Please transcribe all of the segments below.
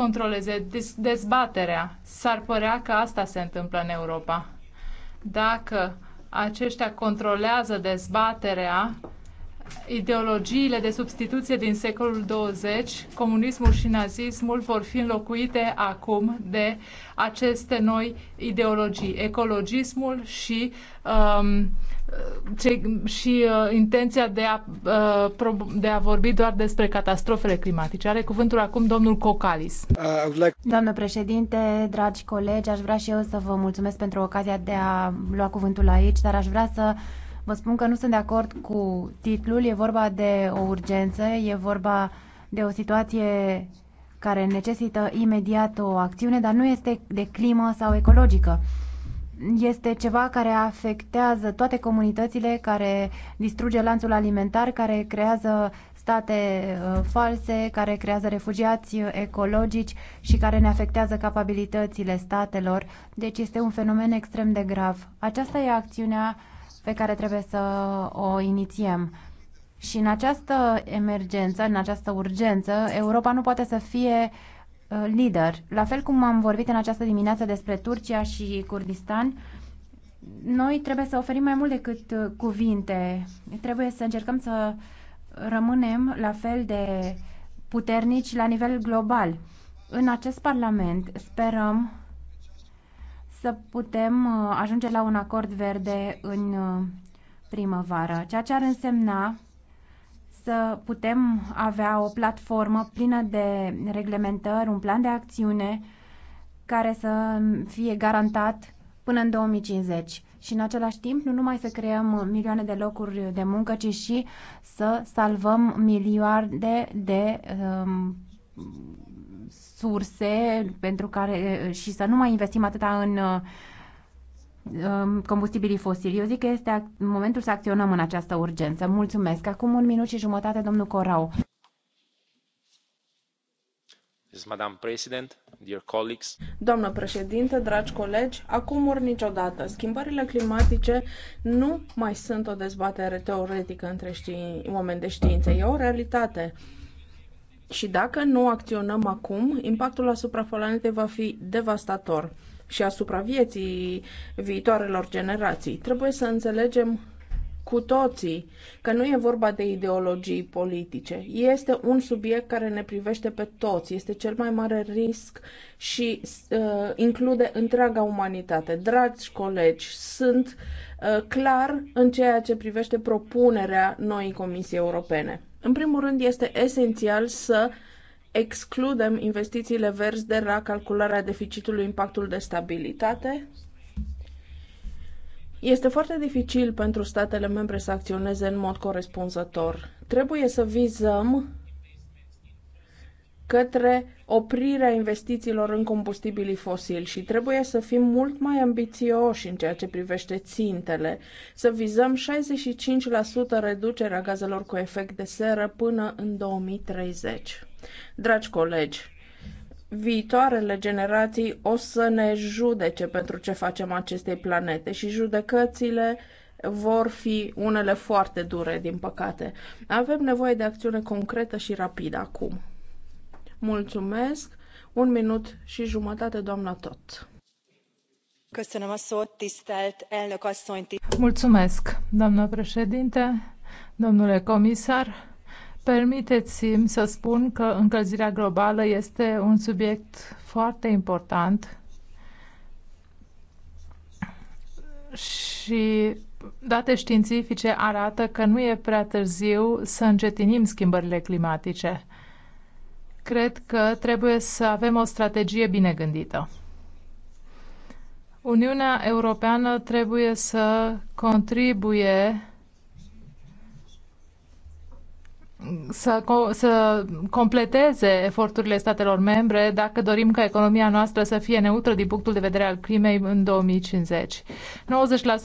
controleze dezbaterea. S-ar părea că asta se întâmplă în Europa. Dacă aceștia controlează dezbaterea, ideologiile de substituție din secolul 20, comunismul și nazismul vor fi înlocuite acum de aceste noi ideologii, ecologismul și um, și uh, intenția de a, uh, de a vorbi doar despre catastrofele climatice. Are cuvântul acum domnul Cocalis. Uh, like... Doamnă președinte, dragi colegi, aș vrea și eu să vă mulțumesc pentru ocazia de a lua cuvântul aici, dar aș vrea să vă spun că nu sunt de acord cu titlul. E vorba de o urgență, e vorba de o situație care necesită imediat o acțiune, dar nu este de climă sau ecologică. Uh, este ceva care afectează toate comunitățile, care distruge lanțul alimentar, care creează state uh, false, care creează refugiați uh, ecologici și care ne afectează capabilitățile statelor. Deci este un fenomen extrem de grav. Aceasta e acțiunea pe care trebuie să o inițiem. Și în această emergență, în această urgență, Europa nu poate să fie uh, Uh, lider. La fel cum am vorbit în această dimineață despre Turcia și Kurdistan, noi trebuie să oferim mai mult decât uh, cuvinte. Trebuie să încercăm să rămânem la fel de puternici la nivel global. În acest Parlament sperăm să putem uh, ajunge la un acord verde în primăvară, ceea ce ar însemna să putem avea o platformă plină de reglementări, un plan de acțiune care să fie garantat până în 2050 și în același timp nu numai să creăm milioane de locuri de muncă, ci și să salvăm miliarde de um, surse pentru care și să nu mai investim atâta în uh, Um, combustibilii fosili. Eu zic că este momentul să acționăm în această urgență. Mulțumesc. Acum un minut și jumătate, domnul Corau. Doamnă președintă, dragi colegi, acum ori niciodată, schimbările climatice nu mai sunt o dezbatere teoretică între știin, oameni de știință, e o realitate. Și dacă nu acționăm acum, impactul asupra planetei va fi devastator și asupra vieții viitoarelor generații. Trebuie să înțelegem cu toții că nu e vorba de ideologii politice. Este un subiect care ne privește pe toți, este cel mai mare risc și uh, include întreaga umanitate. Dragi colegi, sunt uh, clar în ceea ce privește propunerea noii Comisii Europene. În primul rând, este esențial să uh, excludem investițiile verzi de la calcularea deficitului impactul de stabilitate. Este foarte dificil pentru statele membre să acționeze în mod corespunzător. Trebuie să vizăm către oprirea investițiilor în combustibilii fosili și trebuie să fim mult mai ambițioși în ceea ce privește țintele, să vizăm 65% reducerea gazelor cu efect de seră până în 2030. Dragi colegi, viitoarele generații o să ne judece pentru ce facem acestei planete și judecățile vor fi unele foarte dure, din păcate. Avem nevoie de acțiune concretă și rapidă acum. Mulțumesc. Un minut și jumătate, doamna Tot. Mulțumesc, doamna președinte, domnule comisar. Permiteți-mi să spun că încălzirea globală este un subiect foarte important și date științifice arată că nu e prea târziu să încetinim schimbările climatice. Cred că trebuie să avem o strategie bine gândită. Uniunea Europeană trebuie să contribuie să, co- să completeze eforturile statelor membre dacă dorim ca economia noastră să fie neutră din punctul de vedere al climei în 2050. 90%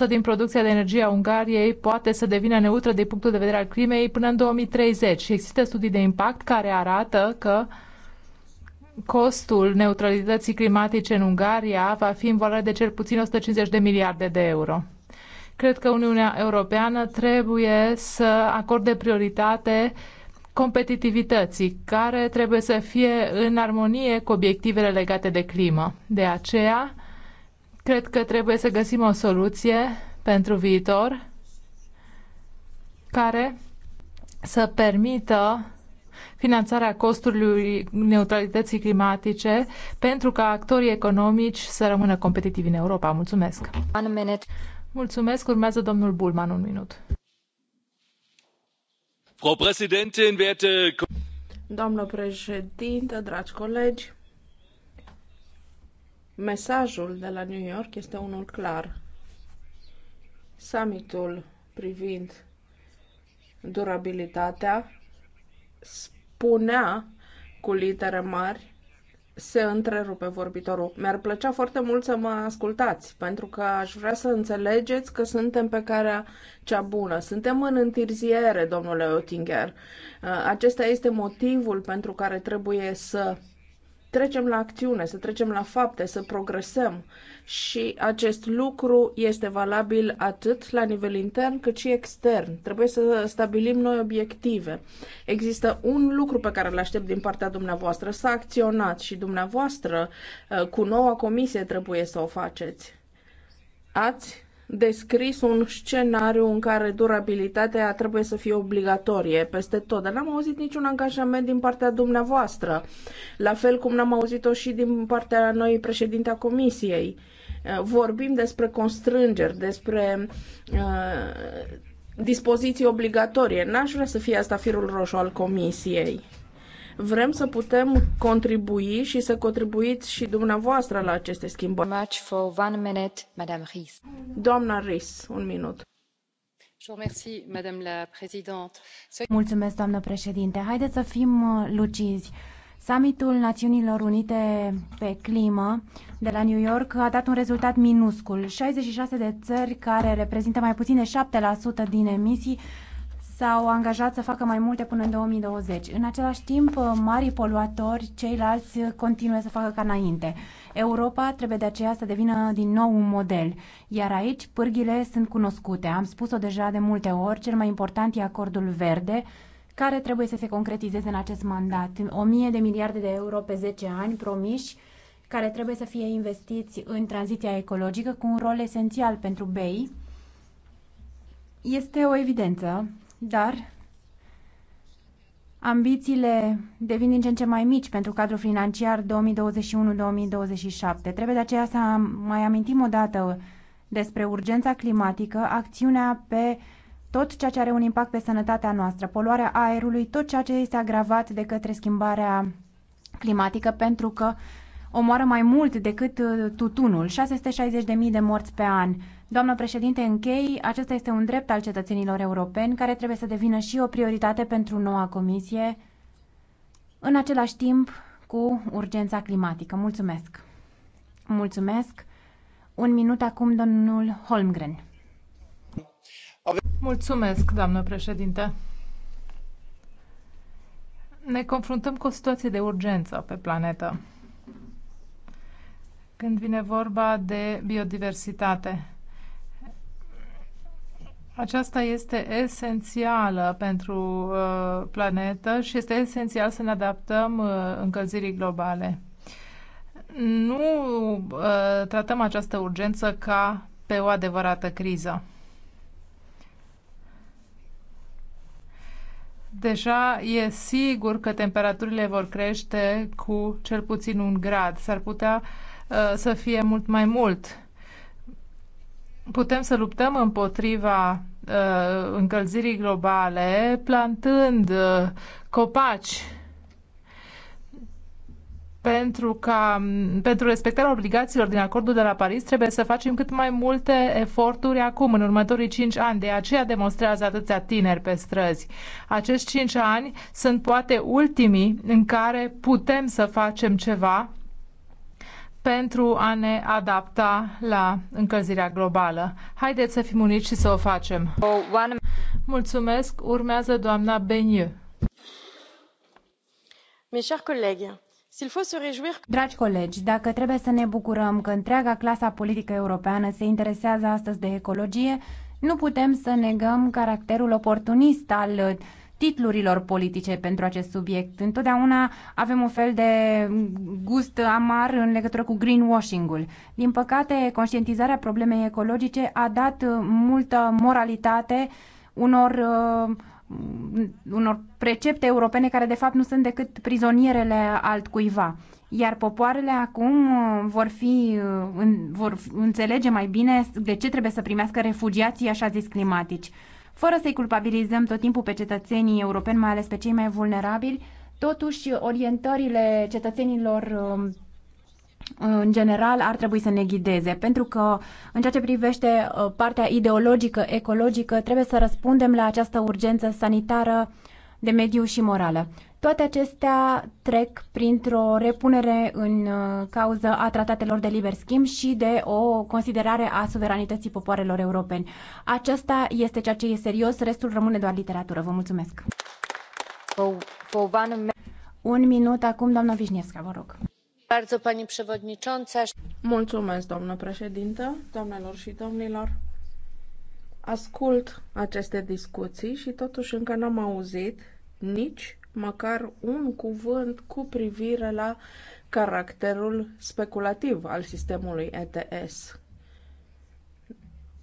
din producția de energie a Ungariei poate să devină neutră din punctul de vedere al climei până în 2030 există studii de impact care arată că costul neutralității climatice în Ungaria va fi în valoare de cel puțin 150 de miliarde de euro. Cred că Uniunea Europeană trebuie să acorde prioritate competitivității, care trebuie să fie în armonie cu obiectivele legate de climă. De aceea, cred că trebuie să găsim o soluție pentru viitor care să permită finanțarea costurilor neutralității climatice pentru ca actorii economici să rămână competitivi în Europa. Mulțumesc! Mulțumesc. Urmează domnul Bulman un minut. Doamnă președintă, dragi colegi, mesajul de la New York este unul clar. Summitul privind durabilitatea spunea cu litere mari se întrerupe vorbitorul. Mi-ar plăcea foarte mult să mă ascultați, pentru că aș vrea să înțelegeți că suntem pe calea cea bună. Suntem în întârziere, domnule Oettinger. Uh, acesta este motivul pentru care trebuie să trecem la acțiune, să trecem la fapte, să progresăm. Și acest lucru este valabil atât la nivel intern cât și extern. Trebuie să stabilim noi obiective. Există un lucru pe care îl aștept din partea dumneavoastră, să acționați și dumneavoastră uh, cu noua comisie trebuie să o faceți. Ați descris un scenariu în care durabilitatea trebuie să fie obligatorie peste tot, dar n-am auzit niciun angajament din partea dumneavoastră, la fel cum n-am auzit-o și din partea noi președintea a Comisiei. Eh, vorbim despre constrângeri, despre uh, dispoziții obligatorie. N-aș vrea să fie asta firul roșu al Comisiei. Vrem să putem contribui și să contribuiți și dumneavoastră la aceste schimbări. Match for one minute, Madame Ries. Doamna Ries, un minut. Mulțumesc, doamnă președinte. Haideți să fim uh, lucizi. Summitul Națiunilor Unite pe climă de la New York a dat un rezultat minuscul. 66 de țări care reprezintă mai puțin de 7% din emisii s-au angajat să facă mai multe până în 2020. În același timp, marii poluatori, ceilalți, continuă să facă ca înainte. Europa trebuie de aceea să devină din nou un model, iar aici pârghile sunt cunoscute. Am spus-o deja de multe ori, cel mai important e acordul verde, care trebuie să se concretizeze în acest mandat. O mie de miliarde de euro pe 10 ani promiși, care trebuie să fie investiți în tranziția ecologică cu un rol esențial pentru BEI. Este o evidență dar ambițiile devin din ce în ce mai mici pentru cadrul financiar 2021-2027. Trebuie de aceea să mai amintim o dată despre urgența climatică, acțiunea pe tot ceea ce are un impact pe sănătatea noastră, poluarea aerului, tot ceea ce este agravat de către schimbarea climatică, pentru că omoară mai mult decât uh, tutunul, 660.000 de morți pe an. Doamnă președinte, închei, acesta este un drept al cetățenilor europeni care trebuie să devină și o prioritate pentru noua comisie, în același timp cu urgența climatică. Mulțumesc! Mulțumesc! Un minut acum, domnul Holmgren. Mulțumesc, doamnă președinte. Ne confruntăm cu o situație de urgență pe planetă. Când vine vorba de biodiversitate, aceasta este esențială pentru uh, planetă și este esențial să ne adaptăm uh, încălzirii globale. Nu uh, tratăm această urgență ca pe o adevărată criză. Deja e sigur că temperaturile vor crește cu cel puțin un grad. S-ar putea uh, să fie mult mai mult putem să luptăm împotriva uh, încălzirii globale plantând uh, copaci pentru, ca, pentru respectarea obligațiilor din acordul de la Paris trebuie să facem cât mai multe eforturi acum, în următorii 5 ani. De aceea demonstrează atâția tineri pe străzi. Acești 5 ani sunt poate ultimii în care putem să facem ceva pentru a ne adapta la încălzirea globală. Haideți să fim uniți și să o facem. Mulțumesc. Urmează doamna Beniu. Mes chers collègues, Dragi colegi, dacă trebuie să ne bucurăm că întreaga clasa politică europeană se interesează astăzi de ecologie, nu putem să negăm caracterul oportunist al titlurilor politice pentru acest subiect. Întotdeauna avem un fel de gust amar în legătură cu greenwashing-ul. Din păcate, conștientizarea problemei ecologice a dat multă moralitate unor uh, unor precepte europene care de fapt nu sunt decât prizonierele altcuiva. Iar popoarele acum uh, vor fi uh, vor înțelege mai bine de ce trebuie să primească refugiații așa zis climatici fără să-i culpabilizăm tot timpul pe cetățenii europeni, mai ales pe cei mai vulnerabili, totuși orientările cetățenilor um, în general ar trebui să ne ghideze, pentru că în ceea ce privește uh, partea ideologică, ecologică, trebuie să răspundem la această urgență sanitară de mediu și morală. Toate acestea trec printr-o repunere în uh, cauză a tratatelor de liber schimb și de o considerare a suveranității popoarelor europeni. Aceasta este ceea ce e serios, restul rămâne doar literatură. Vă mulțumesc! Un minut acum, doamna Vișnievska, vă rog. Mulțumesc, doamnă președintă, doamnelor și domnilor. Ascult aceste discuții și totuși încă n-am auzit nici măcar un cuvânt cu privire la caracterul speculativ al sistemului ETS.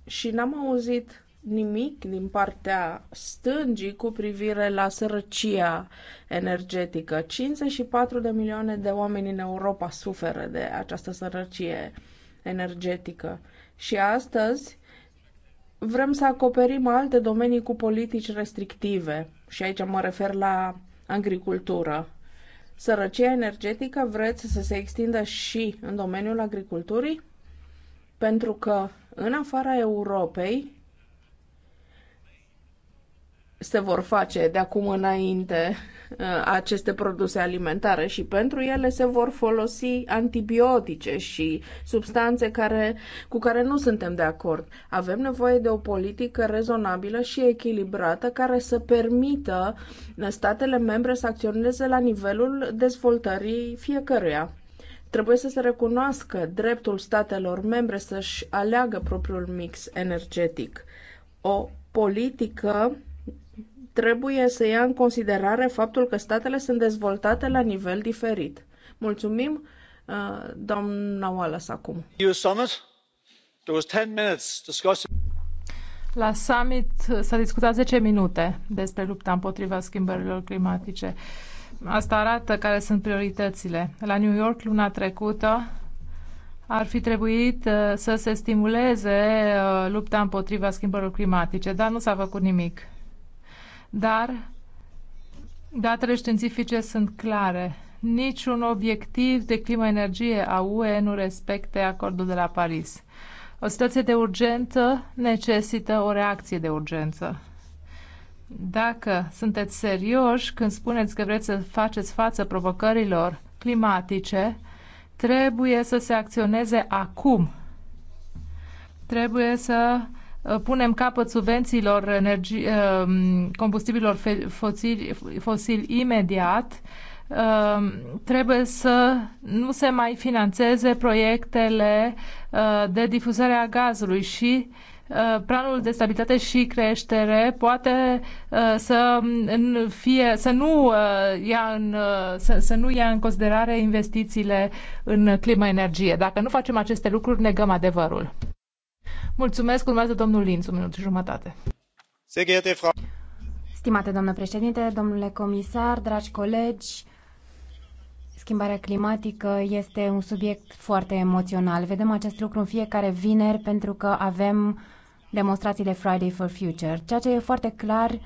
Și n-am auzit nimic din partea stângii cu privire la sărăcia energetică. 54 de milioane de oameni în Europa suferă de această sărăcie energetică. Și astăzi vrem să acoperim alte domenii cu politici restrictive și aici mă refer la agricultură. Sărăcia energetică vreți să se extindă și în domeniul agriculturii? Pentru că în afara Europei se vor face de acum înainte Uh, aceste produse alimentare și pentru ele se vor folosi antibiotice și substanțe care, cu care nu suntem de acord. Avem nevoie de o politică rezonabilă și echilibrată care să permită statele membre să acționeze la nivelul dezvoltării fiecăruia trebuie să se recunoască dreptul statelor membre să-și aleagă propriul mix energetic. O politică trebuie să ia în considerare faptul că statele sunt dezvoltate la nivel diferit. Mulțumim, uh, doamna Wallace, acum. La summit s-a discutat 10 minute despre lupta împotriva schimbărilor climatice. Asta arată care sunt prioritățile. La New York, luna trecută, ar fi trebuit uh, să se stimuleze uh, lupta împotriva schimbărilor climatice, dar nu s-a făcut nimic dar datele științifice sunt clare. Niciun obiectiv de climă-energie a UE nu respecte acordul de la Paris. O situație de urgență necesită o reacție de urgență. Dacă sunteți serioși când spuneți că vreți să faceți față provocărilor climatice, trebuie să se acționeze acum. Trebuie să Uh, punem capăt subvențiilor energi, uh, combustibilor fosili, fosili imediat, uh, trebuie să nu se mai financeze proiectele de difuzare a gazului și planul de stabilitate și creștere poate să fie să nu ia în, să, să nu ia în considerare investițiile în clima energie. Dacă nu facem aceste lucruri, negăm adevărul. Mulțumesc, urmează domnul Linț, un minut și jumătate. Stimate domnule președinte, domnule comisar, dragi colegi, Schimbarea climatică este un subiect foarte emoțional. Vedem acest lucru în fiecare vineri pentru că avem demonstrațiile Friday for Future. Ceea ce e foarte clar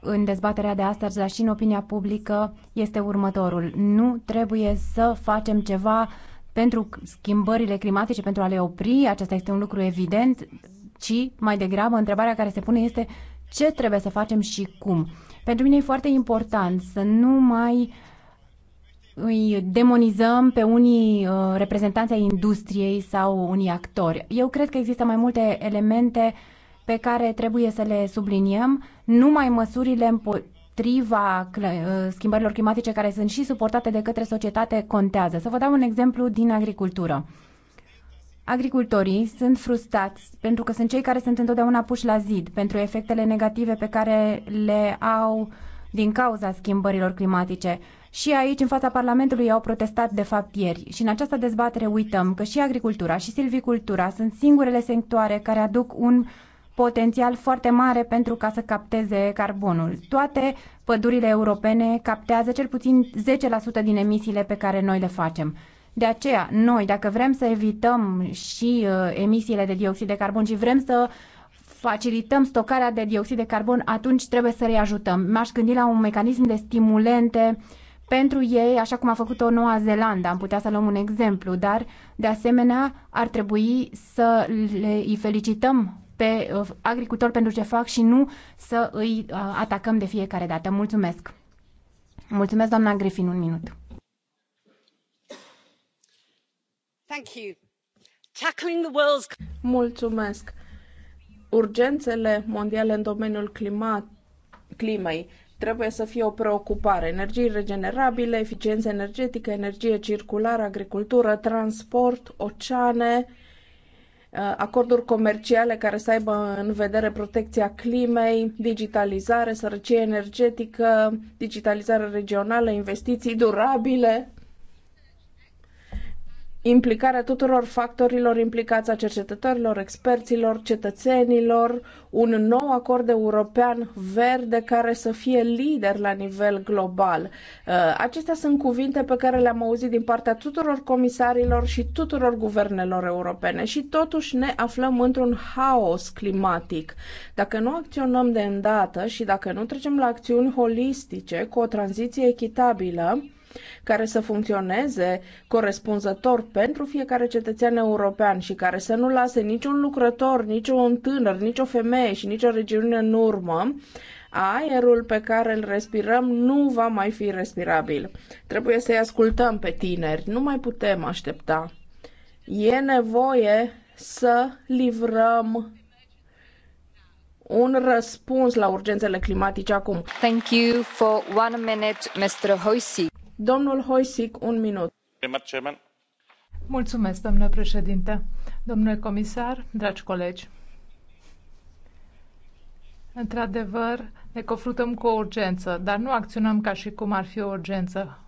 în dezbaterea de astăzi, dar și în opinia publică, este următorul. Nu trebuie să facem ceva pentru schimbările climatice, pentru a le opri, acesta este un lucru evident, ci mai degrabă întrebarea care se pune este ce trebuie să facem și cum. Pentru mine e foarte important să nu mai îi demonizăm pe unii uh, reprezentanți ai industriei sau unii actori. Eu cred că există mai multe elemente pe care trebuie să le subliniem, numai măsurile împotriva uh, schimbărilor climatice care sunt și suportate de către societate contează. Să vă dau un exemplu din agricultură. Agricultorii sunt frustrați pentru că sunt cei care sunt întotdeauna puși la zid pentru efectele negative pe care le au din cauza schimbărilor climatice. Și aici, în fața Parlamentului, au protestat de fapt ieri. Și în această dezbatere uităm că și agricultura și silvicultura sunt singurele sectoare care aduc un potențial foarte mare pentru ca să capteze carbonul. Toate pădurile europene captează cel puțin 10% din emisiile pe care noi le facem. De aceea, noi, dacă vrem să evităm și uh, emisiile de dioxid de carbon și vrem să facilităm stocarea de dioxid de carbon, atunci trebuie să reajutăm. M-aș gândi la un mecanism de stimulente pentru ei, așa cum a făcut-o Noua Zeelandă, am putea să luăm un exemplu, dar de asemenea ar trebui să le îi felicităm pe uh, agricultori pentru ce fac și nu să îi uh, atacăm de fiecare dată. Mulțumesc! Mulțumesc, doamna Grefin, un minut. Thank you. Tackling the world's... Mulțumesc! Urgențele mondiale în domeniul clima... climei trebuie să fie o preocupare. Energii regenerabile, eficiență energetică, energie circulară, agricultură, transport, oceane, acorduri comerciale care să aibă în vedere protecția climei, digitalizare, sărăcie energetică, digitalizare regională, investiții durabile implicarea tuturor factorilor implicați, a cercetătorilor, experților, cetățenilor, un nou acord european verde care să fie lider la nivel global. Uh, acestea sunt cuvinte pe care le-am auzit din partea tuturor comisarilor și tuturor guvernelor europene și totuși ne aflăm într-un haos climatic. Dacă nu acționăm de îndată și dacă nu trecem la acțiuni holistice cu o tranziție echitabilă, care să funcționeze corespunzător pentru fiecare cetățean european și care să nu lase niciun lucrător, niciun tânăr, nicio femeie și nicio regiune în urmă, aerul pe care îl respirăm nu va mai fi respirabil. Trebuie să-i ascultăm pe tineri, nu mai putem aștepta. E nevoie să livrăm un răspuns la urgențele climatice acum. Thank you for one minute, Mr. Hoisey. Domnul Hoisic, un minut. Mulțumesc, domnule președinte. Domnule comisar, dragi colegi, într-adevăr ne confruntăm cu o urgență, dar nu acționăm ca și cum ar fi o urgență.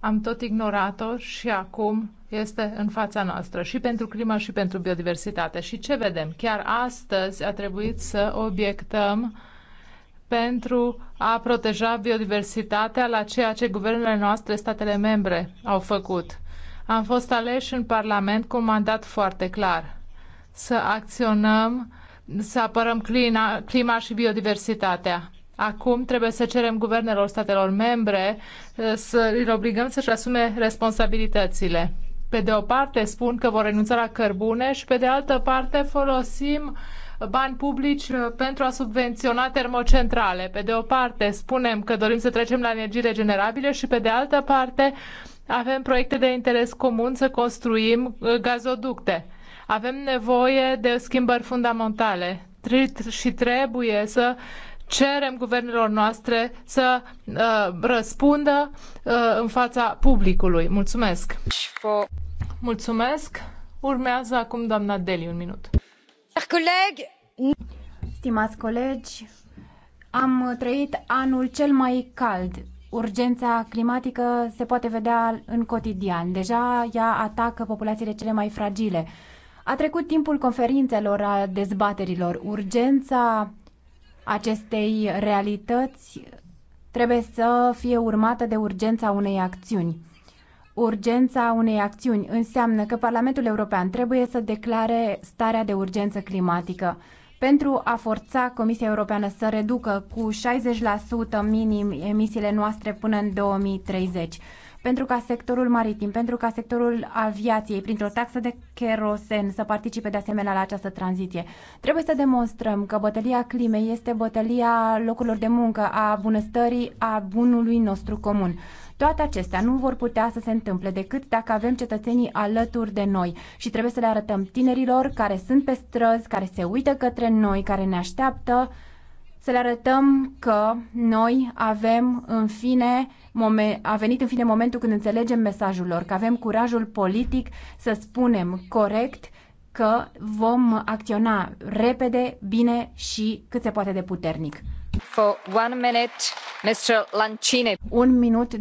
Am tot ignorat-o și acum este în fața noastră și pentru climă și pentru biodiversitate. Și ce vedem? Chiar astăzi a trebuit să obiectăm pentru a proteja biodiversitatea la ceea ce guvernele noastre, statele membre, au făcut. Am fost aleși în Parlament cu un mandat foarte clar. Să acționăm, să apărăm clima, clima și biodiversitatea. Acum trebuie să cerem guvernelor statelor membre eh, să îl obligăm să-și asume responsabilitățile. Pe de o parte spun că vor renunța la cărbune și pe de altă parte folosim uh, bani publici uh, pentru a subvenționa termocentrale. Pe de o parte spunem că dorim să trecem la energii regenerabile și pe de altă parte avem proiecte de interes comun să construim uh, gazoducte. Avem nevoie de schimbări fundamentale și trebuie să cerem guvernelor noastre să uh, răspundă uh, în fața publicului. Mulțumesc! Mulțumesc! Urmează acum doamna Deli, un minut. Stimați colegi, am trăit anul cel mai cald. Urgența climatică se poate vedea în cotidian. Deja ea atacă populațiile cele mai fragile. A trecut timpul conferințelor, a dezbaterilor. Urgența acestei realități trebuie să fie urmată de urgența unei acțiuni urgența unei acțiuni înseamnă că Parlamentul European trebuie să declare starea de urgență climatică pentru a forța Comisia Europeană să reducă cu 60% minim emisiile noastre până în 2030 pentru ca sectorul maritim, pentru ca sectorul aviației, printr-o taxă de kerosen, să participe de asemenea la această tranziție. Trebuie să demonstrăm că bătălia climei este bătălia locurilor de muncă, a bunăstării, a bunului nostru comun. Toate acestea nu vor putea să se întâmple decât dacă avem cetățenii alături de noi și trebuie să le arătăm tinerilor care sunt pe străzi, care se uită către noi, care ne așteaptă, să le arătăm că noi avem în fine, a venit în fine momentul când înțelegem mesajul lor, că avem curajul politic să spunem corect că vom acționa repede, bine și cât se poate de puternic. For one minute, Mr. Lancini. colegi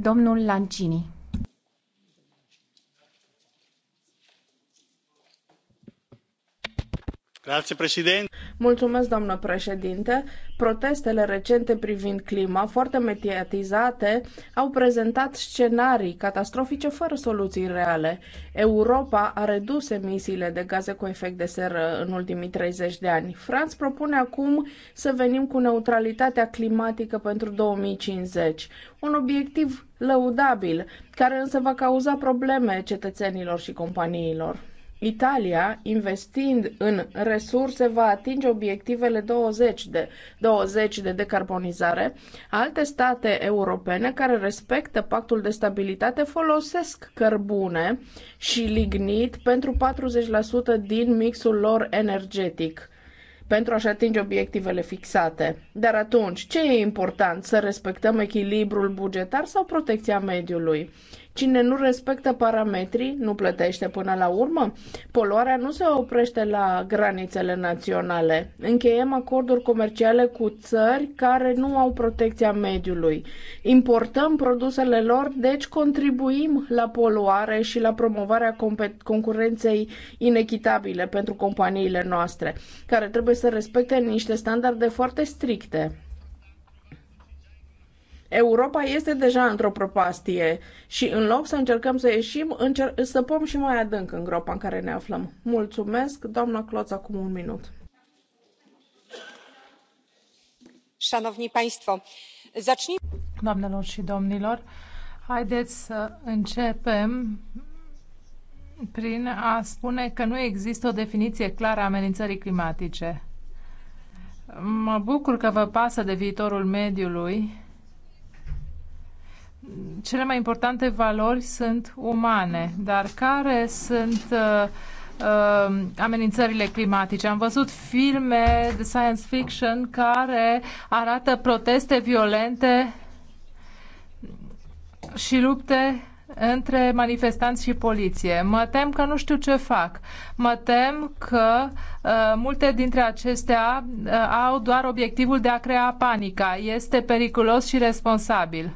Mulțumesc, doamnă președinte. Protestele recente privind clima, foarte mediatizate, au prezentat scenarii catastrofice fără soluții reale. Europa a redus emisiile de gaze cu efect de seră în ultimii 30 de ani. Franța propune acum să venim cu neutralitatea climatică pentru 2050, un obiectiv lăudabil, care însă va cauza probleme cetățenilor și companiilor. Italia, investind în resurse, va atinge obiectivele 20 de, 20 de decarbonizare. Alte state europene care respectă pactul de stabilitate folosesc cărbune și lignit pentru 40% din mixul lor energetic pentru a-și atinge obiectivele fixate. Dar atunci, ce e important? Să respectăm echilibrul bugetar sau protecția mediului? Cine nu respectă parametrii nu plătește până la urmă. Poluarea nu se oprește la granițele naționale. Încheiem acorduri comerciale cu țări care nu au protecția mediului. Importăm produsele lor, deci contribuim la poluare și la promovarea concurenței inechitabile pentru companiile noastre, care trebuie să respecte niște standarde foarte stricte. Europa este deja într-o propastie și în loc să încercăm să ieșim, încer- pom și mai adânc în groapa în care ne aflăm. Mulțumesc, doamna Cloț, acum un minut. Szanowni Państwo, zacznijmy... Doamnelor și domnilor, haideți să începem prin a spune că nu există o definiție clară a amenințării climatice. Mă bucur că vă pasă de viitorul mediului cele mai importante valori sunt umane, dar care sunt uh, uh, amenințările climatice. Am văzut filme de science fiction care arată proteste violente și lupte între manifestanți și poliție. Mă tem că nu știu ce fac. Mă tem că uh, multe dintre acestea uh, au doar obiectivul de a crea panica. Este periculos și responsabil.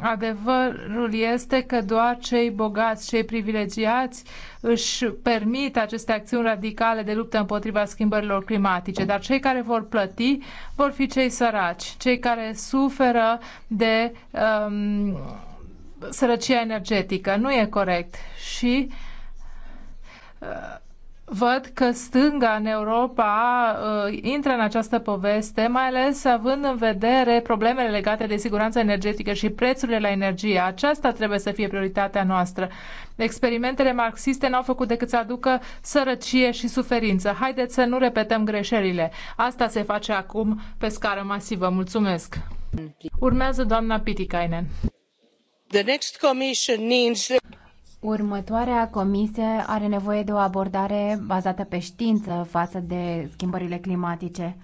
Adevărul este că doar cei bogați, cei privilegiați își permit aceste acțiuni radicale de luptă împotriva schimbărilor climatice, dar cei care vor plăti vor fi cei săraci, cei care suferă de um, sărăcia energetică. Nu e corect și uh, văd că stânga în Europa uh, intră în această poveste, mai ales având în vedere problemele legate de siguranța energetică și prețurile la energie. Aceasta trebuie să fie prioritatea noastră. Experimentele marxiste n-au făcut decât să aducă sărăcie și suferință. Haideți să nu repetăm greșelile. Asta se face acum pe scară masivă. Mulțumesc! Urmează doamna Pitikainen. The next commission needs... Următoarea comisie are nevoie de o abordare bazată pe știință față de schimbările climatice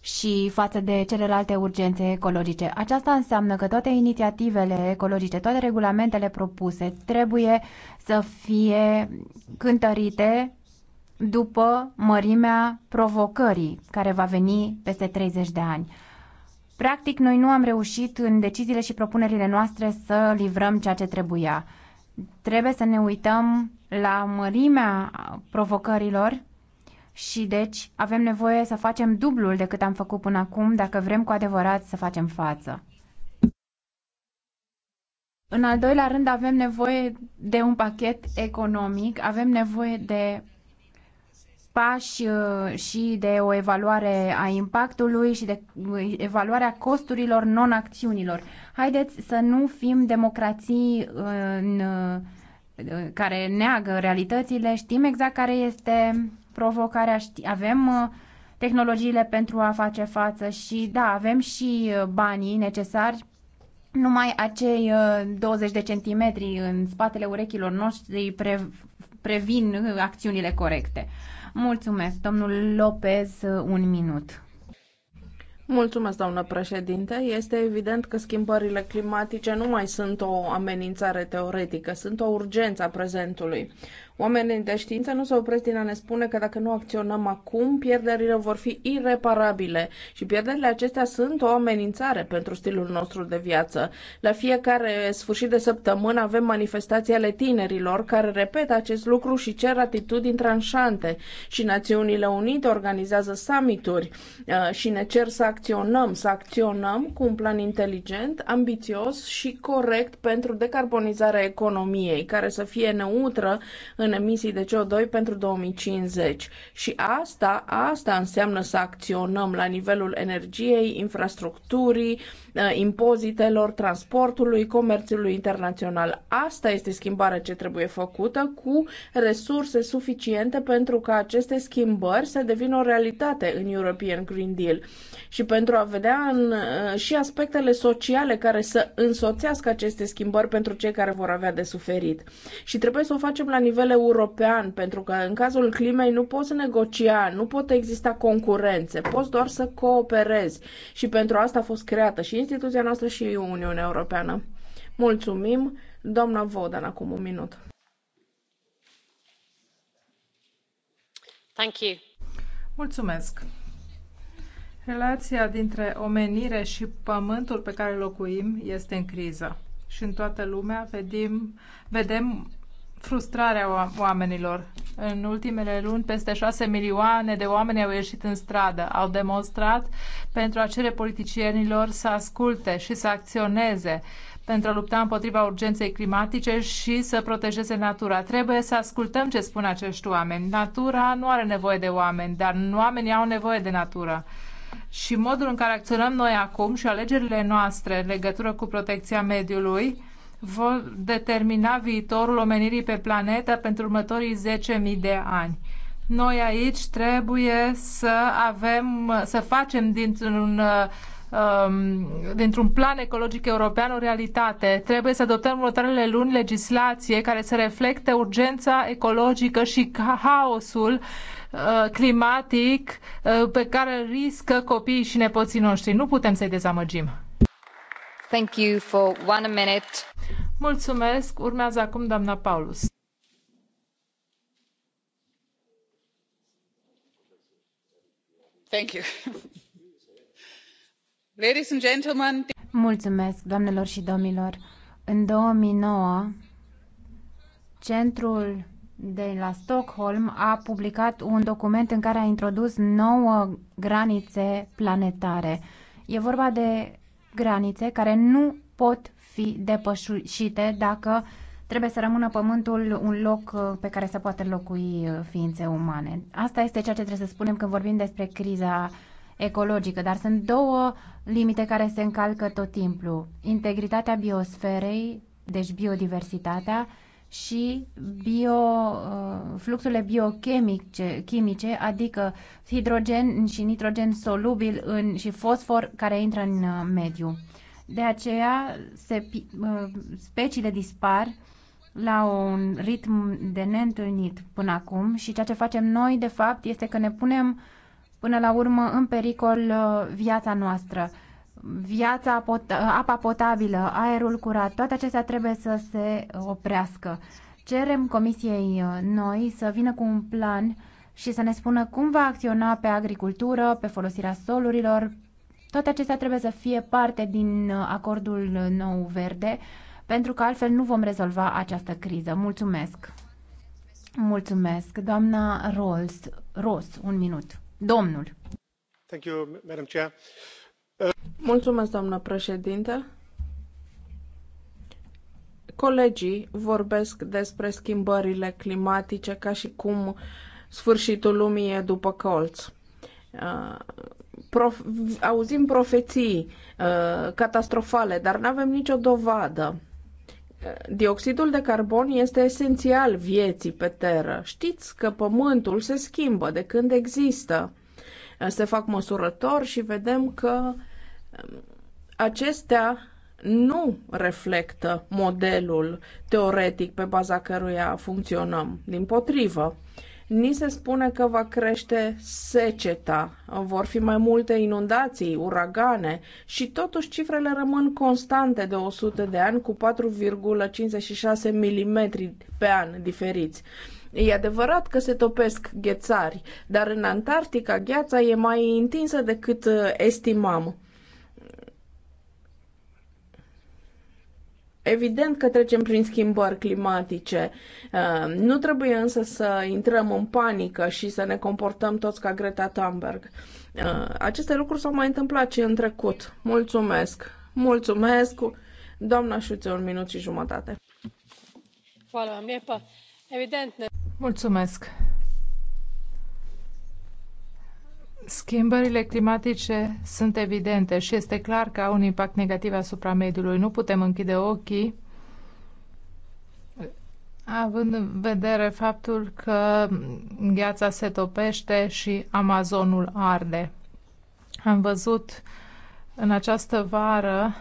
și față de celelalte urgențe ecologice. Aceasta înseamnă că toate inițiativele ecologice, toate regulamentele propuse trebuie să fie cântărite după mărimea provocării care va veni peste 30 de ani. Practic, noi nu am reușit în deciziile și propunerile noastre să livrăm ceea ce trebuia. Trebuie să ne uităm la mărimea provocărilor și deci avem nevoie să facem dublul decât am făcut până acum dacă vrem cu adevărat să facem față. În al doilea rând avem nevoie de un pachet economic, avem nevoie de pași uh, și de o evaluare a impactului și de uh, evaluarea costurilor non-acțiunilor. Haideți să nu fim democrații în, uh, care neagă realitățile, știm exact care este provocarea, avem tehnologiile pentru a face față și da, avem și banii necesari numai acei 20 de centimetri în spatele urechilor noștri pre, previn acțiunile corecte. Mulțumesc, domnul Lopez, un minut. Mulțumesc, doamnă președinte. Este evident că schimbările climatice nu mai sunt o amenințare teoretică, sunt o urgență a prezentului. Oamenii de știință nu se opresc din a ne spune că dacă nu acționăm acum, pierderile vor fi ireparabile și pierderile acestea sunt o amenințare pentru stilul nostru de viață. La fiecare sfârșit de săptămână avem manifestații ale tinerilor care repetă acest lucru și cer atitudini tranșante și Națiunile Unite organizează summituri uh, și ne cer să acționăm, să acționăm cu un plan inteligent, ambițios și corect pentru decarbonizarea economiei, care să fie neutră în în emisii de CO2 pentru 2050. Și asta, asta înseamnă să acționăm la nivelul energiei, infrastructurii, uh, impozitelor, transportului, comerțului internațional. Asta este schimbarea ce trebuie făcută cu resurse suficiente pentru ca aceste schimbări să devină o realitate în European Green Deal și pentru a vedea în, uh, și aspectele sociale care să însoțească aceste schimbări pentru cei care vor avea de suferit. Și trebuie să o facem la nivel european, pentru că în cazul climei nu poți negocia, nu pot exista concurențe, poți doar să cooperezi. Și pentru asta a fost creată și instituția noastră și Uniunea Europeană. Mulțumim, doamna Vodan, acum un minut. Thank you. Mulțumesc. Relația dintre omenire și pământul pe care locuim este în criză și în toată lumea vedem, vedem frustrarea oamenilor. În ultimele luni, peste șase milioane de oameni au ieșit în stradă, au demonstrat pentru a cere politicienilor să asculte și să acționeze pentru a lupta împotriva urgenței climatice și să protejeze natura. Trebuie să ascultăm ce spun acești oameni. Natura nu are nevoie de oameni, dar oamenii au nevoie de natură. Și modul în care acționăm noi acum și alegerile noastre în legătură cu protecția mediului vor determina viitorul omenirii pe planetă pentru următorii 10.000 de ani. Noi aici trebuie să avem, să facem dintr-un um, dintr-un plan ecologic european o realitate. Trebuie să adoptăm următoarele luni legislație care să reflecte urgența ecologică și haosul uh, climatic uh, pe care riscă copiii și nepoții noștri. Nu putem să-i dezamăgim. Thank you for one minute. Mulțumesc. Urmează acum doamna Paulus. Thank you. Ladies and gentlemen. Mulțumesc, doamnelor și domnilor. În 2009, Centrul de la Stockholm a publicat un document în care a introdus nouă granițe planetare. E vorba de granițe care nu pot fi depășite dacă trebuie să rămână pământul un loc uh, pe care să poată locui uh, ființe umane. Asta este ceea ce trebuie să spunem când vorbim despre criza ecologică, dar sunt două limite care se încalcă tot timpul. Integritatea biosferei, deci biodiversitatea, și bio, uh, fluxurile biochimice, chimice, adică hidrogen și nitrogen solubil în, și fosfor care intră în uh, mediu. De aceea se, uh, speciile dispar la un ritm de neîntâlnit până acum și ceea ce facem noi, de fapt, este că ne punem până la urmă în pericol viața noastră viața, pot, apa potabilă, aerul curat, toate acestea trebuie să se oprească. Cerem Comisiei uh, noi să vină cu un plan și să ne spună cum va acționa pe agricultură, pe folosirea solurilor. Toate acestea trebuie să fie parte din uh, acordul nou verde, pentru că altfel nu vom rezolva această criză. Mulțumesc! Mulțumesc, doamna Rolls. Ros, un minut. Domnul. Thank you, Madam Chair. Mulțumesc, doamnă președinte. Colegii vorbesc despre schimbările climatice ca și cum sfârșitul lumii e după colț. Uh, prof, auzim profeții uh, catastrofale, dar nu avem nicio dovadă. Uh, dioxidul de carbon este esențial vieții pe Teră. Știți că Pământul se schimbă de când există. Uh, se fac măsurători și vedem că uh, Acestea nu reflectă modelul teoretic pe baza căruia funcționăm. Din potrivă, ni se spune că va crește seceta, vor fi mai multe inundații, uragane și totuși cifrele rămân constante de 100 de ani cu 4,56 mm pe an diferiți. E adevărat că se topesc ghețari, dar în Antarctica gheața e mai întinsă decât uh, estimam. Evident că trecem prin schimbări climatice. Ehm, nu trebuie însă să intrăm în panică și să ne comportăm toți ca Greta Thunberg. Ehm, aceste lucruri s-au mai întâmplat și în trecut. Mulțumesc! Mulțumesc! Doamna Șuțe, un minut și jumătate. Mulțumesc! Schimbările climatice sunt evidente și este clar că au un impact negativ asupra mediului. Nu putem închide ochii având în vedere faptul că gheața se topește și Amazonul arde. Am văzut în această vară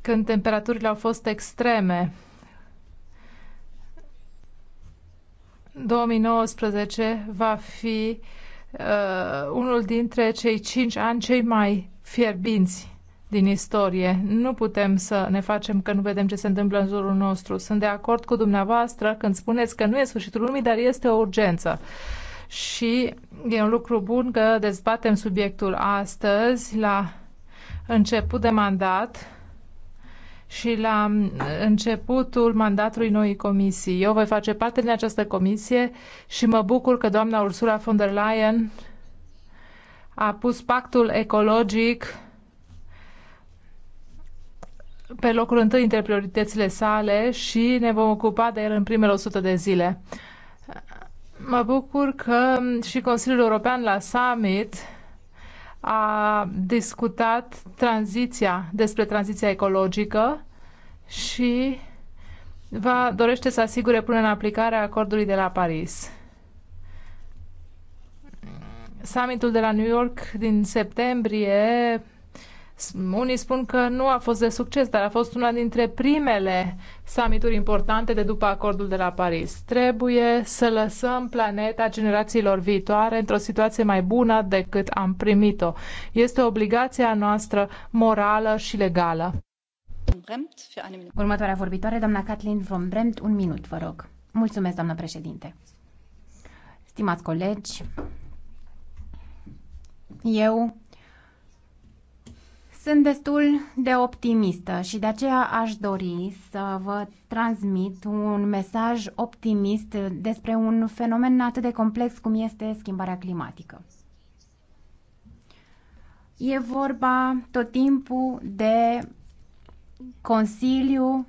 când temperaturile au fost extreme. 2019 va fi uh, uh, unul dintre cei cinci ani cei mai fierbinți din istorie. Nu putem să ne facem că nu vedem ce se întâmplă în jurul nostru. Sunt de acord cu dumneavoastră când spuneți că nu e sfârșitul lumii, dar este o urgență. Și e un lucru bun că dezbatem subiectul astăzi la început de mandat și la începutul mandatului noii comisii. Eu voi face parte din această comisie și mă bucur că doamna Ursula von der Leyen a pus pactul ecologic pe locul întâi dintre prioritățile sale și ne vom ocupa de el în primele 100 de zile. Mă bucur că și Consiliul European la summit a discutat tranziția, despre tranziția ecologică și va dorește să asigure până în aplicare acordului de la Paris. Summitul de la New York din septembrie unii spun că nu a fost de succes, dar a fost una dintre primele summituri importante de după acordul de la Paris. Trebuie să lăsăm planeta generațiilor viitoare într-o situație mai bună decât am primit-o. Este obligația noastră morală și legală. Următoarea vorbitoare, doamna Kathleen von Bremt, un minut, vă rog. Mulțumesc, doamnă președinte. Stimați colegi, eu sunt destul de optimistă și de aceea aș dori să vă transmit un mesaj optimist despre un fenomen atât de complex cum este schimbarea climatică. E vorba tot timpul de Consiliu